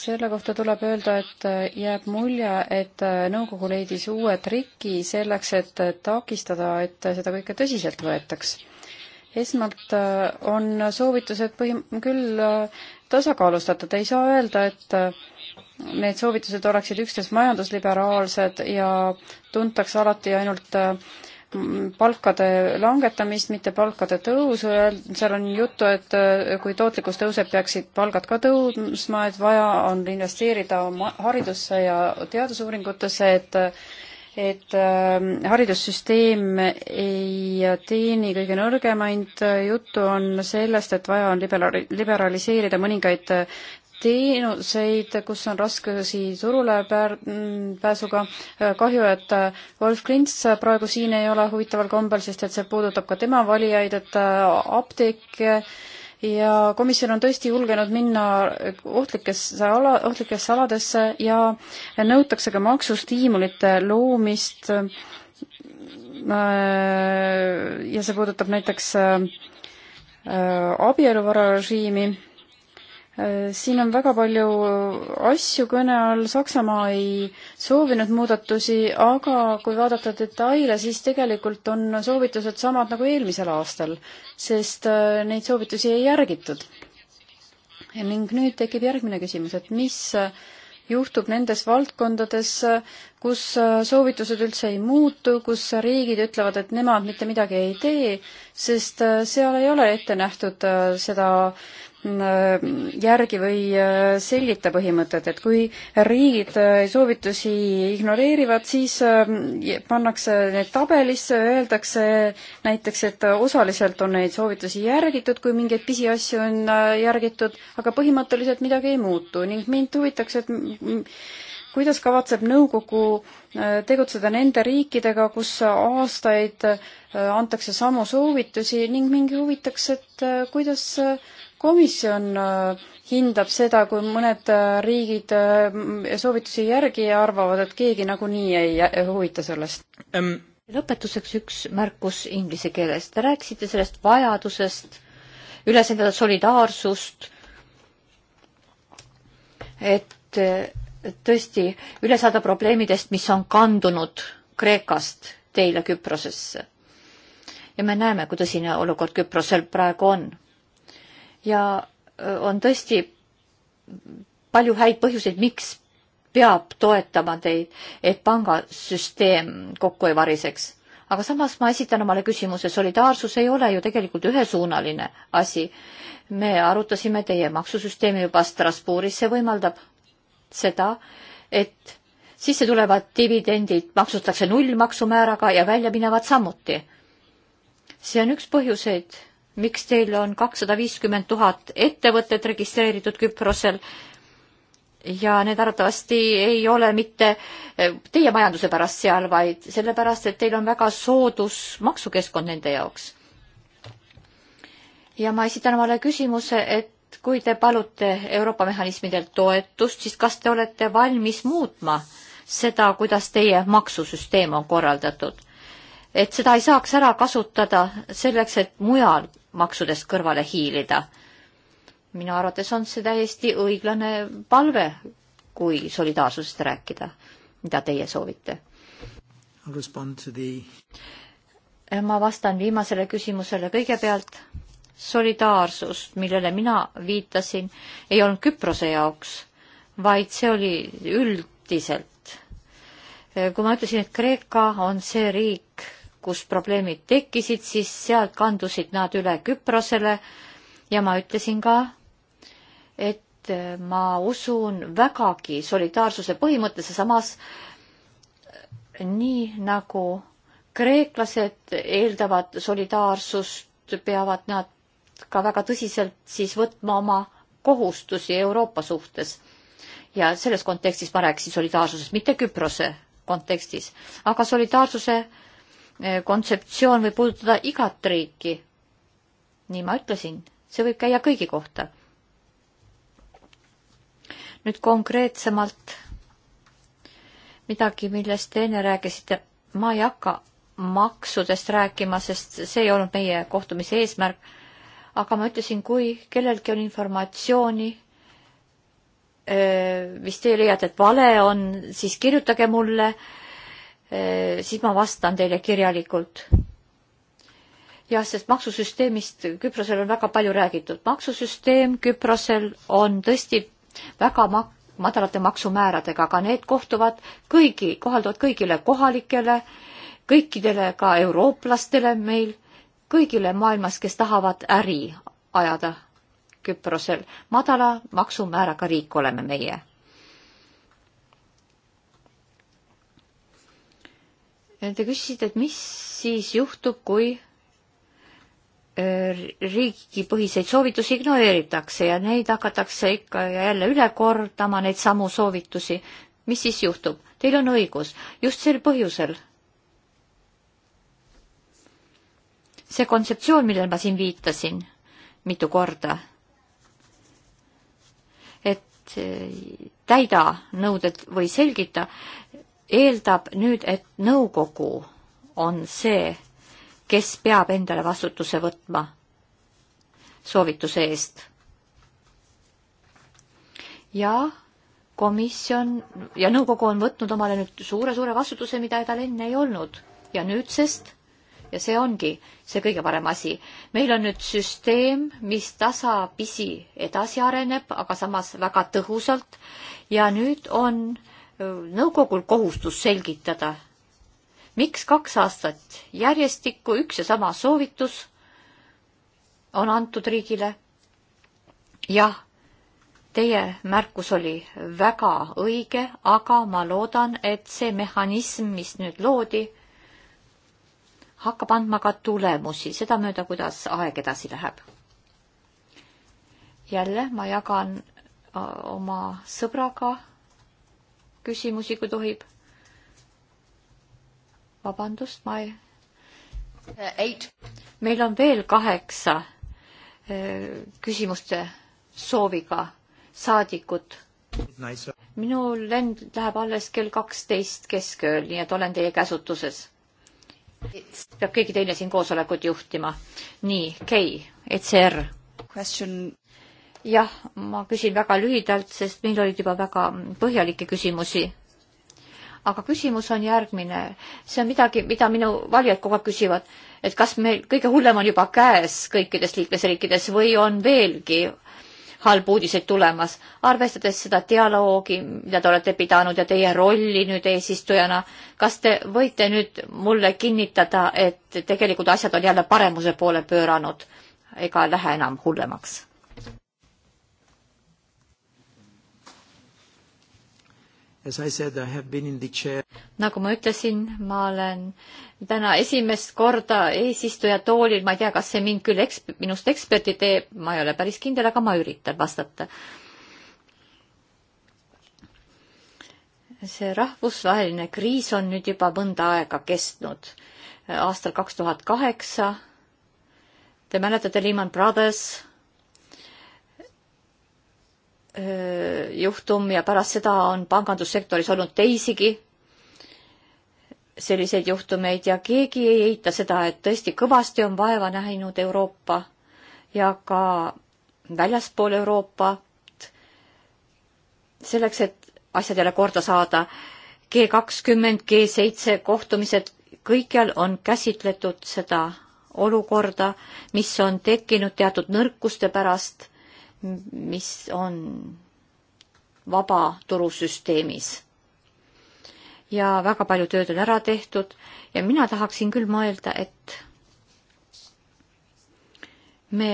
selle kohta tuleb öelda, et äh, jääb mulje, et äh, nõukogu leidis uue triki selleks, et äh, takistada, et seda kõike tõsiselt võetaks. esmalt on soovitused põhim-, küll tasakaalustatud, ei saa öelda, et need soovitused oleksid üksnes majandusliberaalsed ja tuntakse alati ainult äh, palkade langetamist, mitte palkade tõusu, seal on juttu, et äh, kui tootlikkus tõuseb, peaksid palgad ka tõusma, et vaja on investeerida haridusse ja teadusuuringutesse, et et äh, haridussüsteem ei teeni kõige nõrgemaid, juttu on sellest, et vaja on liberali-, liberaliseerida mõningaid teenuseid, kus on raskusi turule päär-, pääsuga. kahju, et äh, Wolf Klints praegu siin ei ole huvitaval kombel, sest et see puudutab ka tema valijaid, et äh, apteeke ja komisjon on tõesti julgenud minna ohtlikesse ala, ohtlikesse aladesse ja nõutakse ka maksustiimulite loomist. Äh, ja see puudutab näiteks abieluvararežiimi siin on väga palju asju kõne all, Saksamaa ei soovinud muudatusi, aga kui vaadata detaile, siis tegelikult on soovitused samad nagu eelmisel aastal, sest äh, neid soovitusi ei järgitud. ning nüüd tekib järgmine küsimus, et mis äh, juhtub nendes valdkondades, kus äh, soovitused üldse ei muutu, kus riigid ütlevad, et nemad mitte midagi ei tee, sest äh, seal ei ole ette nähtud äh, seda mm, järgi või sellita põhimõtet, et kui riigid soovitusi ignoreerivad, siis pannakse need tabelisse, öeldakse näiteks, et osaliselt on neid soovitusi järgitud, kui mingeid pisiasju on järgitud, aga põhimõtteliselt midagi ei muutu ning mind huvitaks, et mm, kuidas kavatseb nõukogu äh, tegutseda nende riikidega, kus aastaid äh, antakse samu soovitusi ning mind huvitaks, et äh, kuidas komisjon hindab seda, kui mõned riigid soovitusi järgi arvavad, et keegi nagunii ei huvita sellest um.? lõpetuseks üks märkus inglise keeles. Te rääkisite sellest vajadusest üles endada solidaarsust, et tõesti üle saada probleemidest, mis on kandunud Kreekast teile Küprosesse. ja me näeme, kui tõsine olukord Küprosel praegu on. ja on tõesti palju häid põhjuseid, miks peab toetama teid, et pangasüsteem kokku ei variseks aga samas ma esitan omale küsimuse, solidaarsus ei ole ju tegelikult ühesuunaline asi. me arutasime teie maksusüsteemi juba Strasbourgis, see võimaldab seda, et sisse tulevad dividendid maksustatakse nullmaksumääraga ja välja minevad samuti. see on üks põhjuseid, miks teil on kakssada viiskümmend tuhat ettevõtet registreeritud Küprosel ja need arvatavasti ei ole mitte eh, teie majanduse pärast seal, vaid sellepärast, et teil on väga soodus maksukeskkond nende jaoks. ja ma esitan omale küsimuse, et et kui te palute Euroopa mehhanismidelt toetust, siis kas te olete valmis muutma seda, kuidas teie maksusüsteem on korraldatud? et seda ei saaks ära kasutada selleks, et mujal maksudest kõrvale hiilida. minu arvates on see täiesti õiglane palve, kui solidaarsusest rääkida, mida teie soovite. The... ma vastan viimasele küsimusele kõigepealt solidaarsust, millele mina viitasin, ei olnud Küprose jaoks, vaid see oli üldiselt. kui ma ütlesin, et Kreeka on see riik, kus probleemid tekkisid, siis sealt kandusid nad üle Küprosele ja ma ütlesin ka, et ma usun vägagi solidaarsuse põhimõttesse, samas nii nagu kreeklased eeldavad solidaarsust, peavad nad ka väga tõsiselt siis võtma oma kohustusi Euroopa suhtes. ja selles kontekstis ma rääkisin solidaarsusest, mitte Küprose kontekstis, aga solidaarsuse eh, kontseptsioon võib puudutada igat riiki. nii ma ütlesin, see võib käia kõigi kohta. nüüd konkreetsemalt midagi, millest te enne rääkisite, ma ei hakka maksudest rääkima, sest see ei olnud meie kohtumise eesmärk aga ma ütlesin, kui kellelgi on informatsiooni, mis teie leiate, et vale on, siis kirjutage mulle, siis ma vastan teile kirjalikult. jah, sest maksusüsteemist Küprosel on väga palju räägitud. maksusüsteem Küprosel on tõesti väga mak-, madalate maksumääradega, aga need kohtuvad kõigi, kohalduvad kõigile kohalikele, kõikidele ka eurooplastele meil kõigile maailmas, kes tahavad äri ajada Küprosel. madala maksumääraga riik oleme meie. Te küsisite, et mis siis juhtub, kui äh, riigipõhiseid soovitusi ignoreeritakse ja neid hakatakse ikka ja jälle üle kordama, neid samu soovitusi. mis siis juhtub? Teil on õigus, just sel põhjusel see kontseptsioon, millele ma siin viitasin mitu korda, et eh, täida nõuded või selgita, eeldab nüüd, et nõukogu on see, kes peab endale vastutuse võtma soovituse eest. ja komisjon ja nõukogu on võtnud omale nüüd suure-suure vastutuse, mida tal enne ei olnud ja nüüdsest ja see ongi see kõige parem asi. meil on nüüd süsteem, mis tasapisi edasi areneb, aga samas väga tõhusalt ja nüüd on äh, nõukogul kohustus selgitada, miks kaks aastat järjestikku üks ja sama soovitus on antud riigile. jah, teie märkus oli väga õige, aga ma loodan, et see mehhanism, mis nüüd loodi, hakkab andma ka tulemusi sedamööda, kuidas aeg edasi läheb. jälle ma jagan äh, oma sõbraga küsimusi, kui tohib. vabandust, ma ei. Äh, meil on veel kaheksa äh, küsimuste sooviga saadikut. minu lend läheb alles kell kaksteist keskööl, nii et olen teie käsutuses peab keegi teine siin koosolekut juhtima. nii, Kei, ECR. jah, ma küsin väga lühidalt, sest meil olid juba väga põhjalikke küsimusi. aga küsimus on järgmine, see on midagi, mida minu valijad kogu aeg küsivad, et kas meil kõige hullem on juba käes kõikides liikmesriikides või on veelgi halbu uudiseid tulemas. arvestades seda dialoogi, mida te olete pidanud ja teie rolli nüüd eesistujana, kas te võite nüüd mulle kinnitada, et tegelikult asjad on jälle paremuse poole pööranud ega lähe enam hullemaks? Said, nagu ma ütlesin, ma olen täna esimest korda eesistuja toolil, ma ei tea, kas see mind küll eks-, minust eksperti teeb, ma ei ole päris kindel, aga ma üritan vastata. see rahvusvaheline kriis on nüüd juba mõnda aega kestnud. aastal kaks tuhat kaheksa, te mäletate Lehman Brothers Äh, juhtum ja pärast seda on pangandussektoris olnud teisigi selliseid juhtumeid ja keegi ei eita seda, et tõesti kõvasti on vaeva näinud Euroopa ja ka väljaspool Euroopat selleks, et asjad jälle korda saada. G kakskümmend, G seitse kohtumised, kõikjal on käsitletud seda olukorda, mis on tekkinud teatud nõrkuste pärast mis on vaba turusüsteemis. ja väga palju tööd on ära tehtud ja mina tahaksin küll mõelda, et me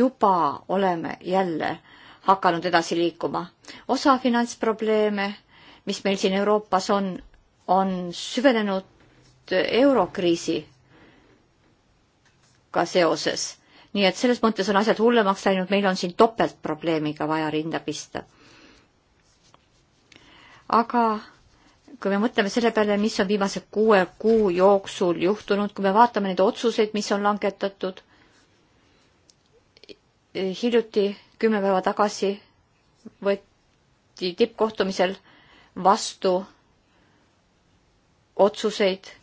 juba oleme jälle hakanud edasi liikuma. osa finantsprobleeme, mis meil siin Euroopas on, on süvenenud eurokriisiga seoses nii et selles mõttes on asjad hullemaks läinud, meil on siin topeltprobleemiga vaja rinda pista. aga kui me mõtleme selle peale, mis on viimase kuue kuu jooksul juhtunud, kui me vaatame neid otsuseid, mis on langetatud, hiljuti kümme päeva tagasi võeti tippkohtumisel vastu otsuseid,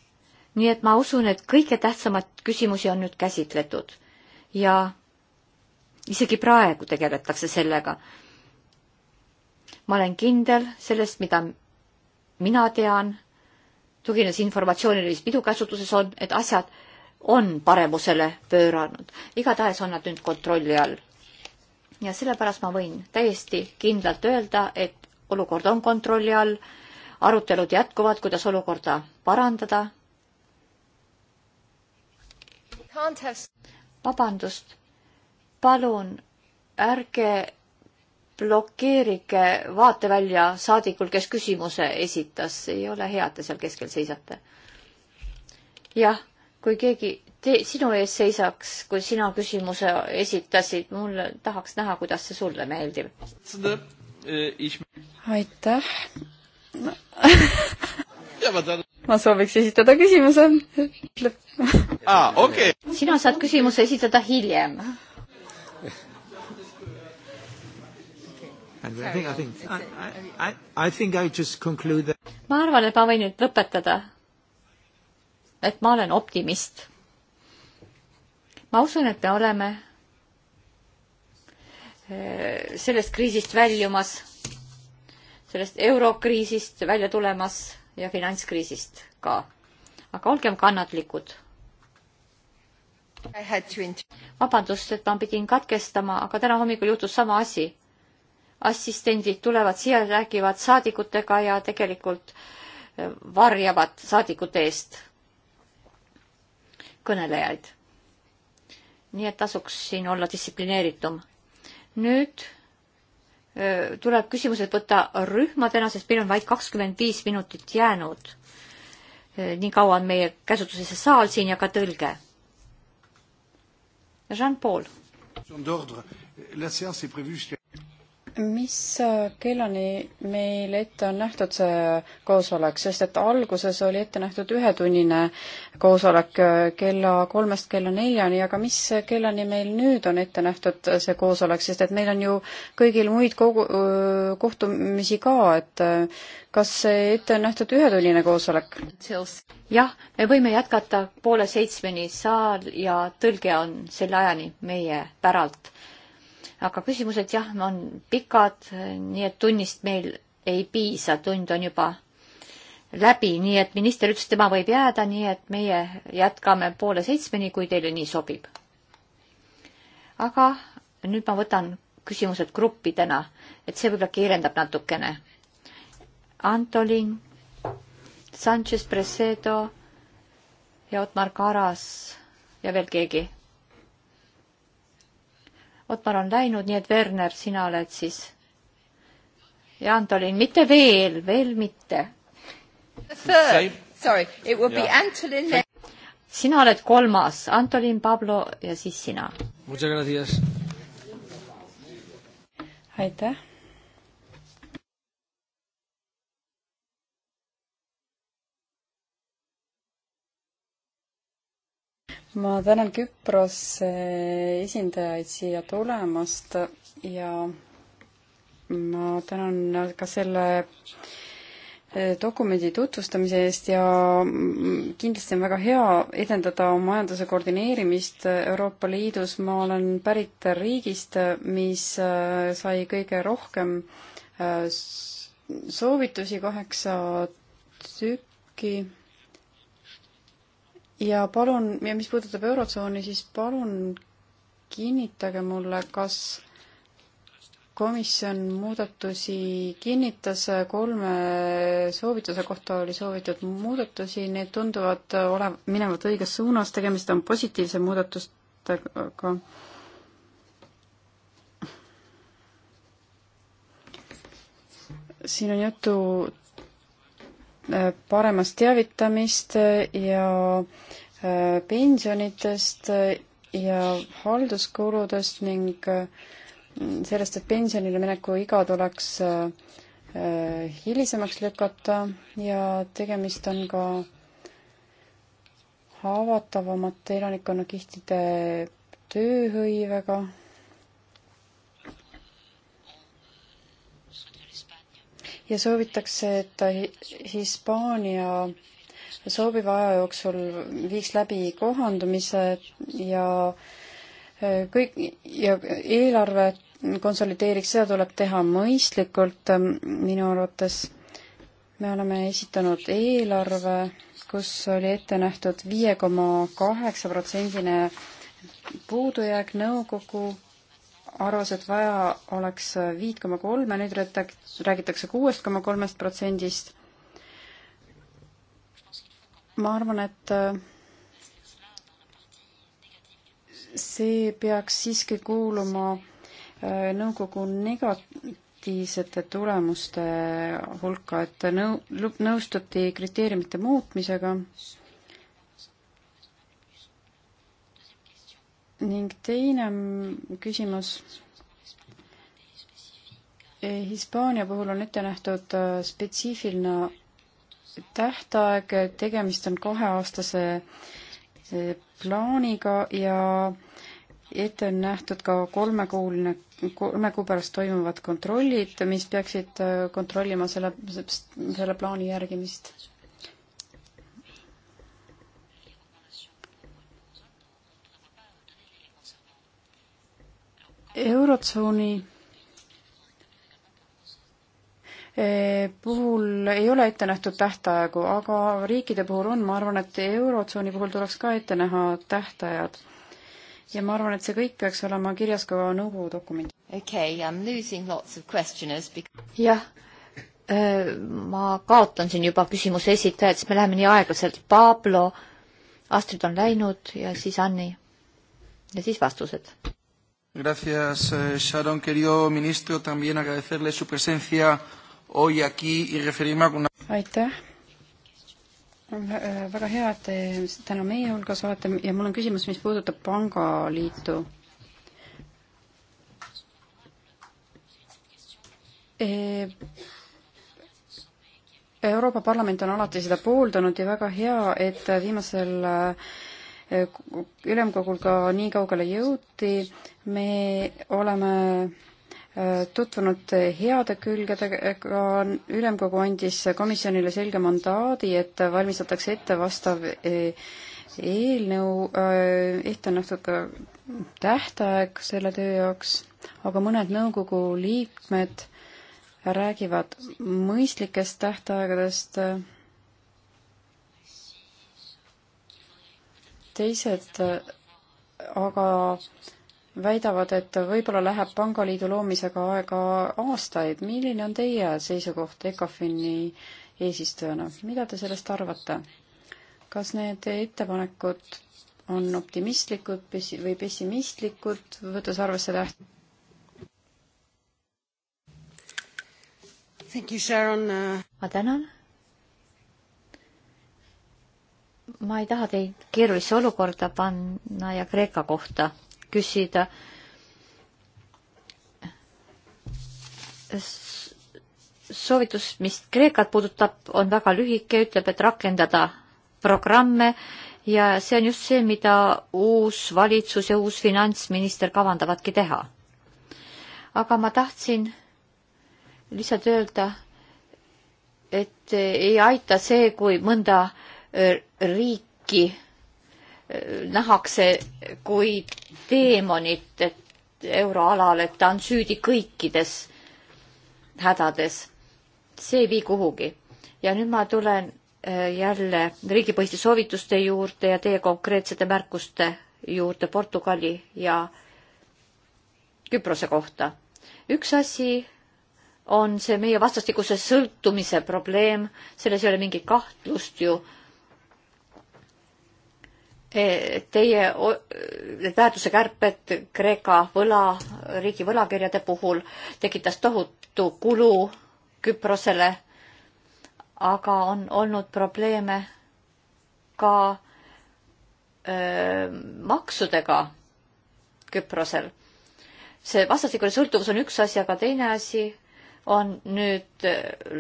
nii et ma usun, et kõige tähtsamaid küsimusi on nüüd käsitletud ja isegi praegu tegeletakse sellega. ma olen kindel sellest, mida mina tean, tugines informatsioonile, mis minu käsutuses on, et asjad on paremusele pööranud. igatahes on nad nüüd kontrolli all. ja sellepärast ma võin täiesti kindlalt öelda, et olukord on kontrolli all, arutelud jätkuvad, kuidas olukorda parandada vabandust, palun ärge blokeerige vaatevälja saadikul, kes küsimuse esitas, ei ole hea, et te seal keskel seisate. jah, kui keegi te, sinu ees seisaks, kui sina küsimuse esitasid, mul tahaks näha, kuidas see sulle meeldib. aitäh no ma sooviks esitada küsimuse ah, okay. sina saad küsimuse esitada hiljem. ma arvan, et ma võin nüüd lõpetada. et ma olen optimist. ma usun, et me oleme äh, sellest kriisist väljumas, sellest eurokriisist välja tulemas ja finantskriisist ka. aga olgem kannatlikud. vabandust, et ma pidin katkestama, aga täna hommikul juhtus sama asi. assistendid tulevad siia, räägivad saadikutega ja tegelikult eh, varjavad saadikute eest kõnelejaid. nii et tasuks siin olla distsiplineeritum. nüüd Äh, tuleb küsimused võtta rühmadena, sest meil on vaid kakskümmend viis minutit jäänud. Äh, nii kaua on meie käsutuses see saal siin ja ka tõlge. Jean-Paul mis äh, kellani meil ette on nähtud see koosolek, sest et alguses oli ette nähtud ühetunnine koosolek äh, kella kolmest kella neljani, aga mis kellani meil nüüd on ette nähtud see koosolek, sest et meil on ju kõigil muid kogu-, äh, kohtumisi ka, et kas ette on nähtud ühetunnine koosolek? jah, me võime jätkata poole seitsmeni, saal ja tõlge on selle ajani meie päralt aga küsimused jah, on pikad, nii et tunnist meil ei piisa, tund on juba läbi, nii et minister ütles, tema võib jääda, nii et meie jätkame poole seitsmeni, kui teile nii sobib. aga nüüd ma võtan küsimused gruppidena, et see võib-olla kiirendab natukene. Antolin, Sanchez Presedo ja Otmar Karas ja veel keegi Otmar on läinud, nii et Werner, sina oled siis. ja Antolin, mitte veel, veel mitte. Yeah. sina oled kolmas, Antolin, Pablo ja siis sina. aitäh ma tänan Küprose esindajaid siia tulemast ja ma tänan ka selle eh, dokumendi tutvustamise eest ja mm, kindlasti on väga hea edendada majanduse koordineerimist Euroopa Liidus. ma olen pärit riigist, mis eh, sai kõige rohkem eh, soovitusi, kaheksa tükki ja palun, ja mis puudutab Eurotsooni, siis palun kinnitage mulle, kas komisjon muudatusi kinnitas, kolme soovituse kohta oli soovitud muudatusi, need tunduvad olev-, minevat õiges suunas, tegemist on positiivse muudatustega. siin on juttu paremast teavitamist ja äh, pensionitest ja halduskuludest ning äh, sellest, et pensionile mineku iga tuleks äh, hilisemaks lükata ja tegemist on ka haavatavamate elanikkonnakihtide tööhõivega ja soovitakse, et Hispaania sooviva aja jooksul viiks läbi kohandumise ja äh, kõik ja eelarve konsolideeriks, seda tuleb teha mõistlikult ähm, minu arvates. me oleme esitanud eelarve, kus oli ette nähtud viie koma kaheksa protsendine puudujääk nõukogu arvas, et vaja oleks viit koma kolme, nüüd räägitakse kuuest koma kolmest protsendist. ma arvan, et äh, see peaks siiski kuuluma äh, nõukogu negatiivsete tulemuste hulka, et nõu-, nõustuti kriteeriumite muutmisega ning teine küsimus. E, Hispaania puhul on ette nähtud äh, spetsiifiline tähtaeg, tegemist on kaheaastase e, plaaniga ja ette on nähtud ka kolmekuuline, kolme kuu pärast toimuvad kontrollid, mis peaksid äh, kontrollima selle, selle plaani järgimist. eurotsooni eh, puhul ei ole ette nähtud tähtaegu, aga riikide puhul on, ma arvan, et Eurotsooni puhul tuleks ka ette näha tähtajad. ja ma arvan, et see kõik peaks olema kirjas ka nõukogu dokumendis. okei okay,, I am losing lots of questioners because.... jah, eh, ma kaotan siin juba küsimuse esitajat, sest me läheme nii aeglaselt. Pablo, Astrid on läinud ja siis Anni. ja siis vastused Gracias, eh, Sharon. Querido ministro, también agradecerle su presencia hoy aquí y referirme a una... aitäh! Äh, väga hea, et te täna meie hulgas olete ja mul on küsimus, mis puudutab pangaliitu. E, Euroopa Parlament on alati seda pooldanud ja väga hea, et viimasel äh, ülemkogul ka nii kaugele jõuti, me oleme äh, tutvunud heade külgedega, ülemkogu andis komisjonile selge mandaadi, et valmistatakse ette vastav äh, eelnõu, äh, ette on nähtud ka tähtaeg selle töö jaoks, aga mõned nõukogu liikmed räägivad mõistlikest tähtaegadest teised äh, aga väidavad, et võib-olla läheb pangaliidu loomisega aega aastaid. milline on teie seisukoht ECOFIN-i eesistujana, mida te sellest arvate? kas need ettepanekud on optimistlikud või pessimistlikud, võttes arvesse täht-? ma tänan ma ei taha teid keerulisse olukorda panna ja Kreeka kohta küsida. soovitus, mis Kreekat puudutab, on väga lühike, ütleb, et rakendada programme ja see on just see, mida uus valitsus ja uus finantsminister kavandavadki teha. aga ma tahtsin lihtsalt öelda, et ei aita see, kui mõnda äh, riiki nähakse kui teemonit, et euroalal, et ta on süüdi kõikides hädades. see ei vii kuhugi. ja nüüd ma tulen jälle riigipõhiste soovituste juurde ja teie konkreetsete märkuste juurde Portugali ja Küprose kohta. üks asi on see meie vastastikuse sõltumise probleem, selles ei ole mingit kahtlust ju teie tähenduse kärped Kreeka võla, riigi võlakirjade puhul tekitas tohutu kulu Küprosele, aga on olnud probleeme ka öö, maksudega Küprosel. see vastastikune sõltuvus on üks asi, aga teine asi on nüüd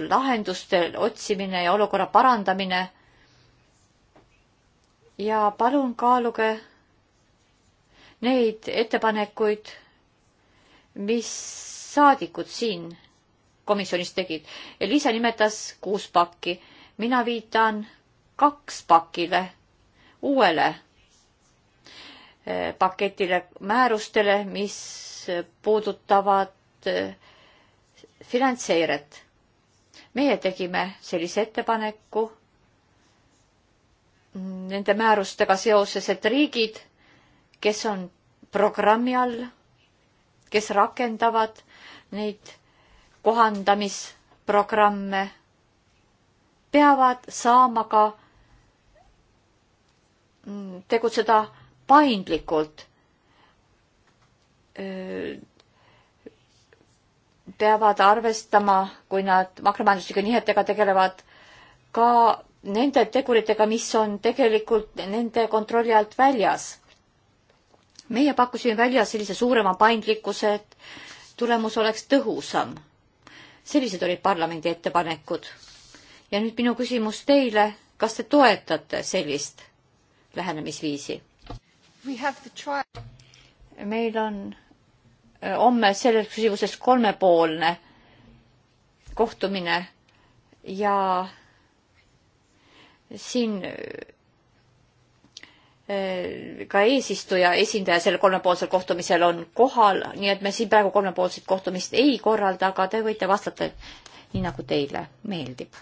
lahenduste otsimine ja olukorra parandamine ja palun kaaluge neid ettepanekuid, mis saadikud siin komisjonis tegid. Liisa nimetas kuus pakki, mina viitan kaks pakile, uuele eh, paketile, määrustele, mis puudutavad eh, finantseeret. meie tegime sellise ettepaneku nende määrustega seoses, et riigid, kes on programmi all, kes rakendavad neid kohandamisprogramme, peavad saama ka mm, tegutseda paindlikult. peavad arvestama, kui nad makromajandusliku nihetega tegelevad, ka nende teguritega, mis on tegelikult nende kontrolli alt väljas. meie pakkusime välja sellise suurema paindlikkuse, et tulemus oleks tõhusam. sellised olid parlamendi ettepanekud. ja nüüd minu küsimus teile, kas te toetate sellist lähenemisviisi? meil on äh, homme selles küsimuses kolmepoolne kohtumine ja siin äh, ka eesistuja esindaja sellel kolmepoolsel kohtumisel on kohal, nii et me siin praegu kolmepoolset kohtumist ei korralda, aga te võite vastata nii, nagu teile meeldib.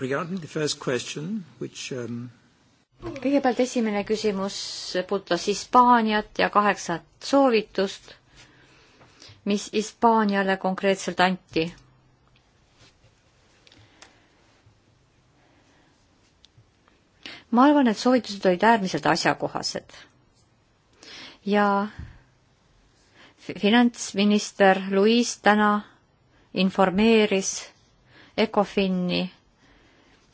Regarding the first question, which um... kõigepealt esimene küsimus puudutas Hispaaniat ja kaheksat soovitust mis Hispaaniale konkreetselt anti. ma arvan, et soovitused olid äärmiselt asjakohased. ja finantsminister Luis täna informeeris ECOFIN-i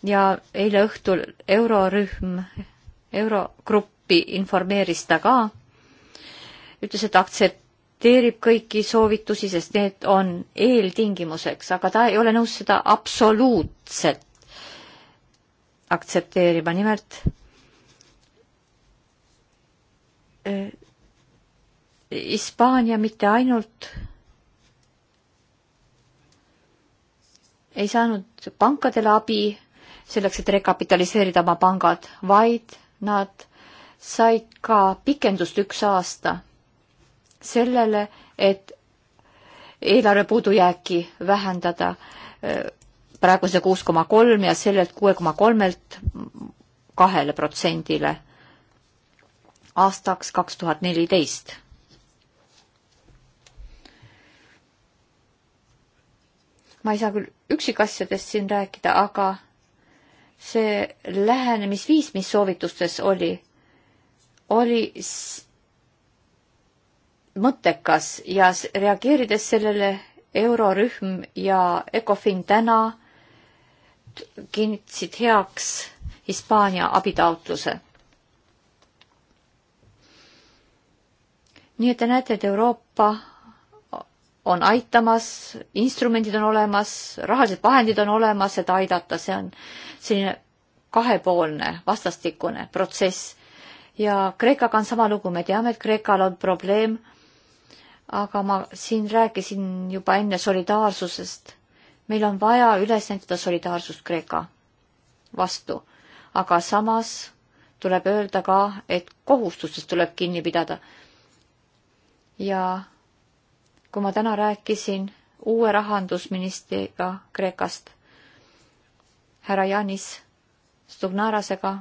ja eile õhtul eurorühm, eurogruppi informeeris ta ka, ütles, et aktsepteerib aktsepteerib kõiki soovitusi, sest need on eeltingimuseks, aga ta ei ole nõus seda absoluutset aktsepteerima, nimelt äh, Hispaania mitte ainult ei saanud pankadele abi selleks, et rekapitaliseerida oma pangad, vaid nad said ka pikendust üks aasta sellele, et eelarve puudujääki vähendada eh, praeguse kuus koma kolm ja sellelt kuue koma kolmelt kahele protsendile aastaks kaks tuhat neliteist. ma ei saa küll üksikasjadest siin rääkida, aga see lähenemisviis, mis soovitustes oli, oli mõttekas ja reageerides sellele eurorühm ja Ecofin täna kinnitasid heaks Hispaania abitaotluse. nii et te näete, et Euroopa on aitamas, instrumendid on olemas, rahalised vahendid on olemas, et aidata, see on selline kahepoolne vastastikune protsess. ja Kreekaga on sama lugu, me teame, et Kreekal on probleem äh, aga ma siin rääkisin juba enne solidaarsusest. meil on vaja üles näidata solidaarsust Kreeka vastu, aga samas tuleb öelda ka, et kohustustest tuleb kinni pidada. ja kui ma täna rääkisin uue rahandusministriga Kreekast, härra Janis Stugnarasega,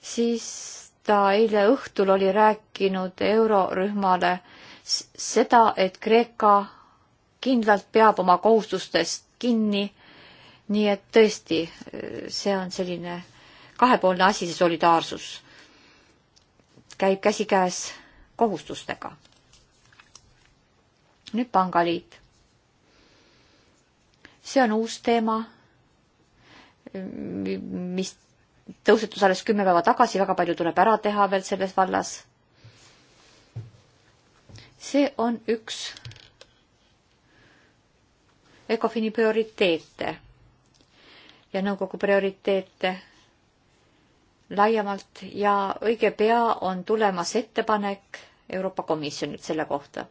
siis ta eile õhtul oli rääkinud eurorühmale seda, et Kreeka kindlalt peab oma kohustustest kinni. nii et tõesti, see on selline kahepoolne asi, see solidaarsus käib käsikäes kohustustega. nüüd pangaliit. see on uus teema, mis tõusetus alles kümme päeva tagasi, väga palju tuleb ära teha veel selles vallas. see on üks ECOFIN-i prioriteete ja nõukogu prioriteete laiemalt ja õige pea on tulemas ettepanek Euroopa Komisjonilt selle kohta.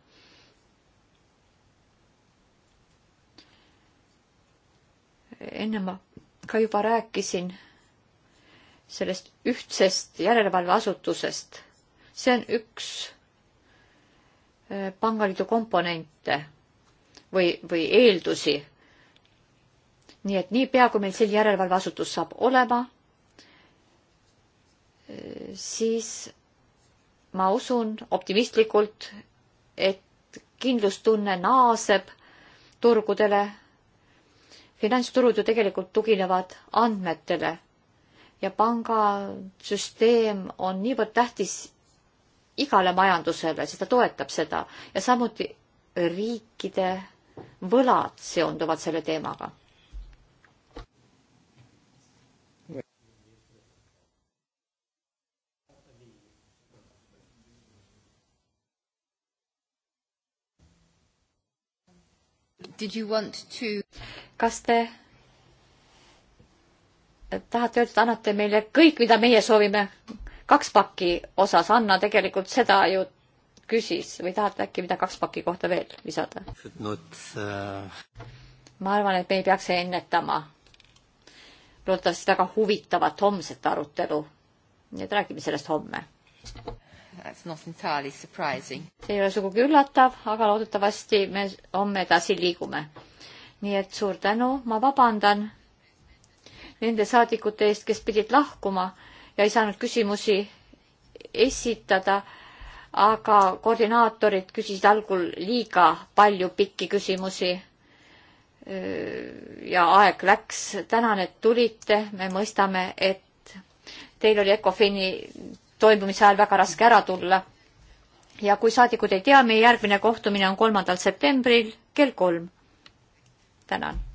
enne ma ka juba rääkisin sellest ühtsest järelevalveasutusest. see on üks äh, pangaliidu komponente või, või eeldusi. nii et niipea, kui meil selline järelevalveasutus saab olema, äh, siis ma usun optimistlikult, et kindlustunne naaseb turgudele. finantsturud ju tegelikult tuginevad andmetele ja pangasüsteem on niivõrd tähtis igale majandusele, sest ta toetab seda ja samuti riikide võlad seonduvad selle teemaga. To... kas te tahate öelda, et annate meile kõik, mida meie soovime, kaks pakki osas, Anna tegelikult seda ju küsis või tahate äkki mida kaks pakki kohta veel lisada? Äh, ma arvan, et me ei peaks ennetama loodetavasti väga huvitavat homset arutelu. nii et räägime sellest homme. see ei ole sugugi üllatav, aga loodetavasti me homme edasi liigume. nii et suur tänu, ma vabandan nende saadikute eest, kes pidid lahkuma ja ei saanud küsimusi esitada, aga koordinaatorid küsisid algul liiga palju pikki küsimusi. ja aeg läks, tänan, et tulite, me mõistame, et teil oli Ecofini toimumise ajal väga raske ära tulla. ja kui saadikud ei tea, meie järgmine kohtumine on kolmandal septembril kell kolm. tänan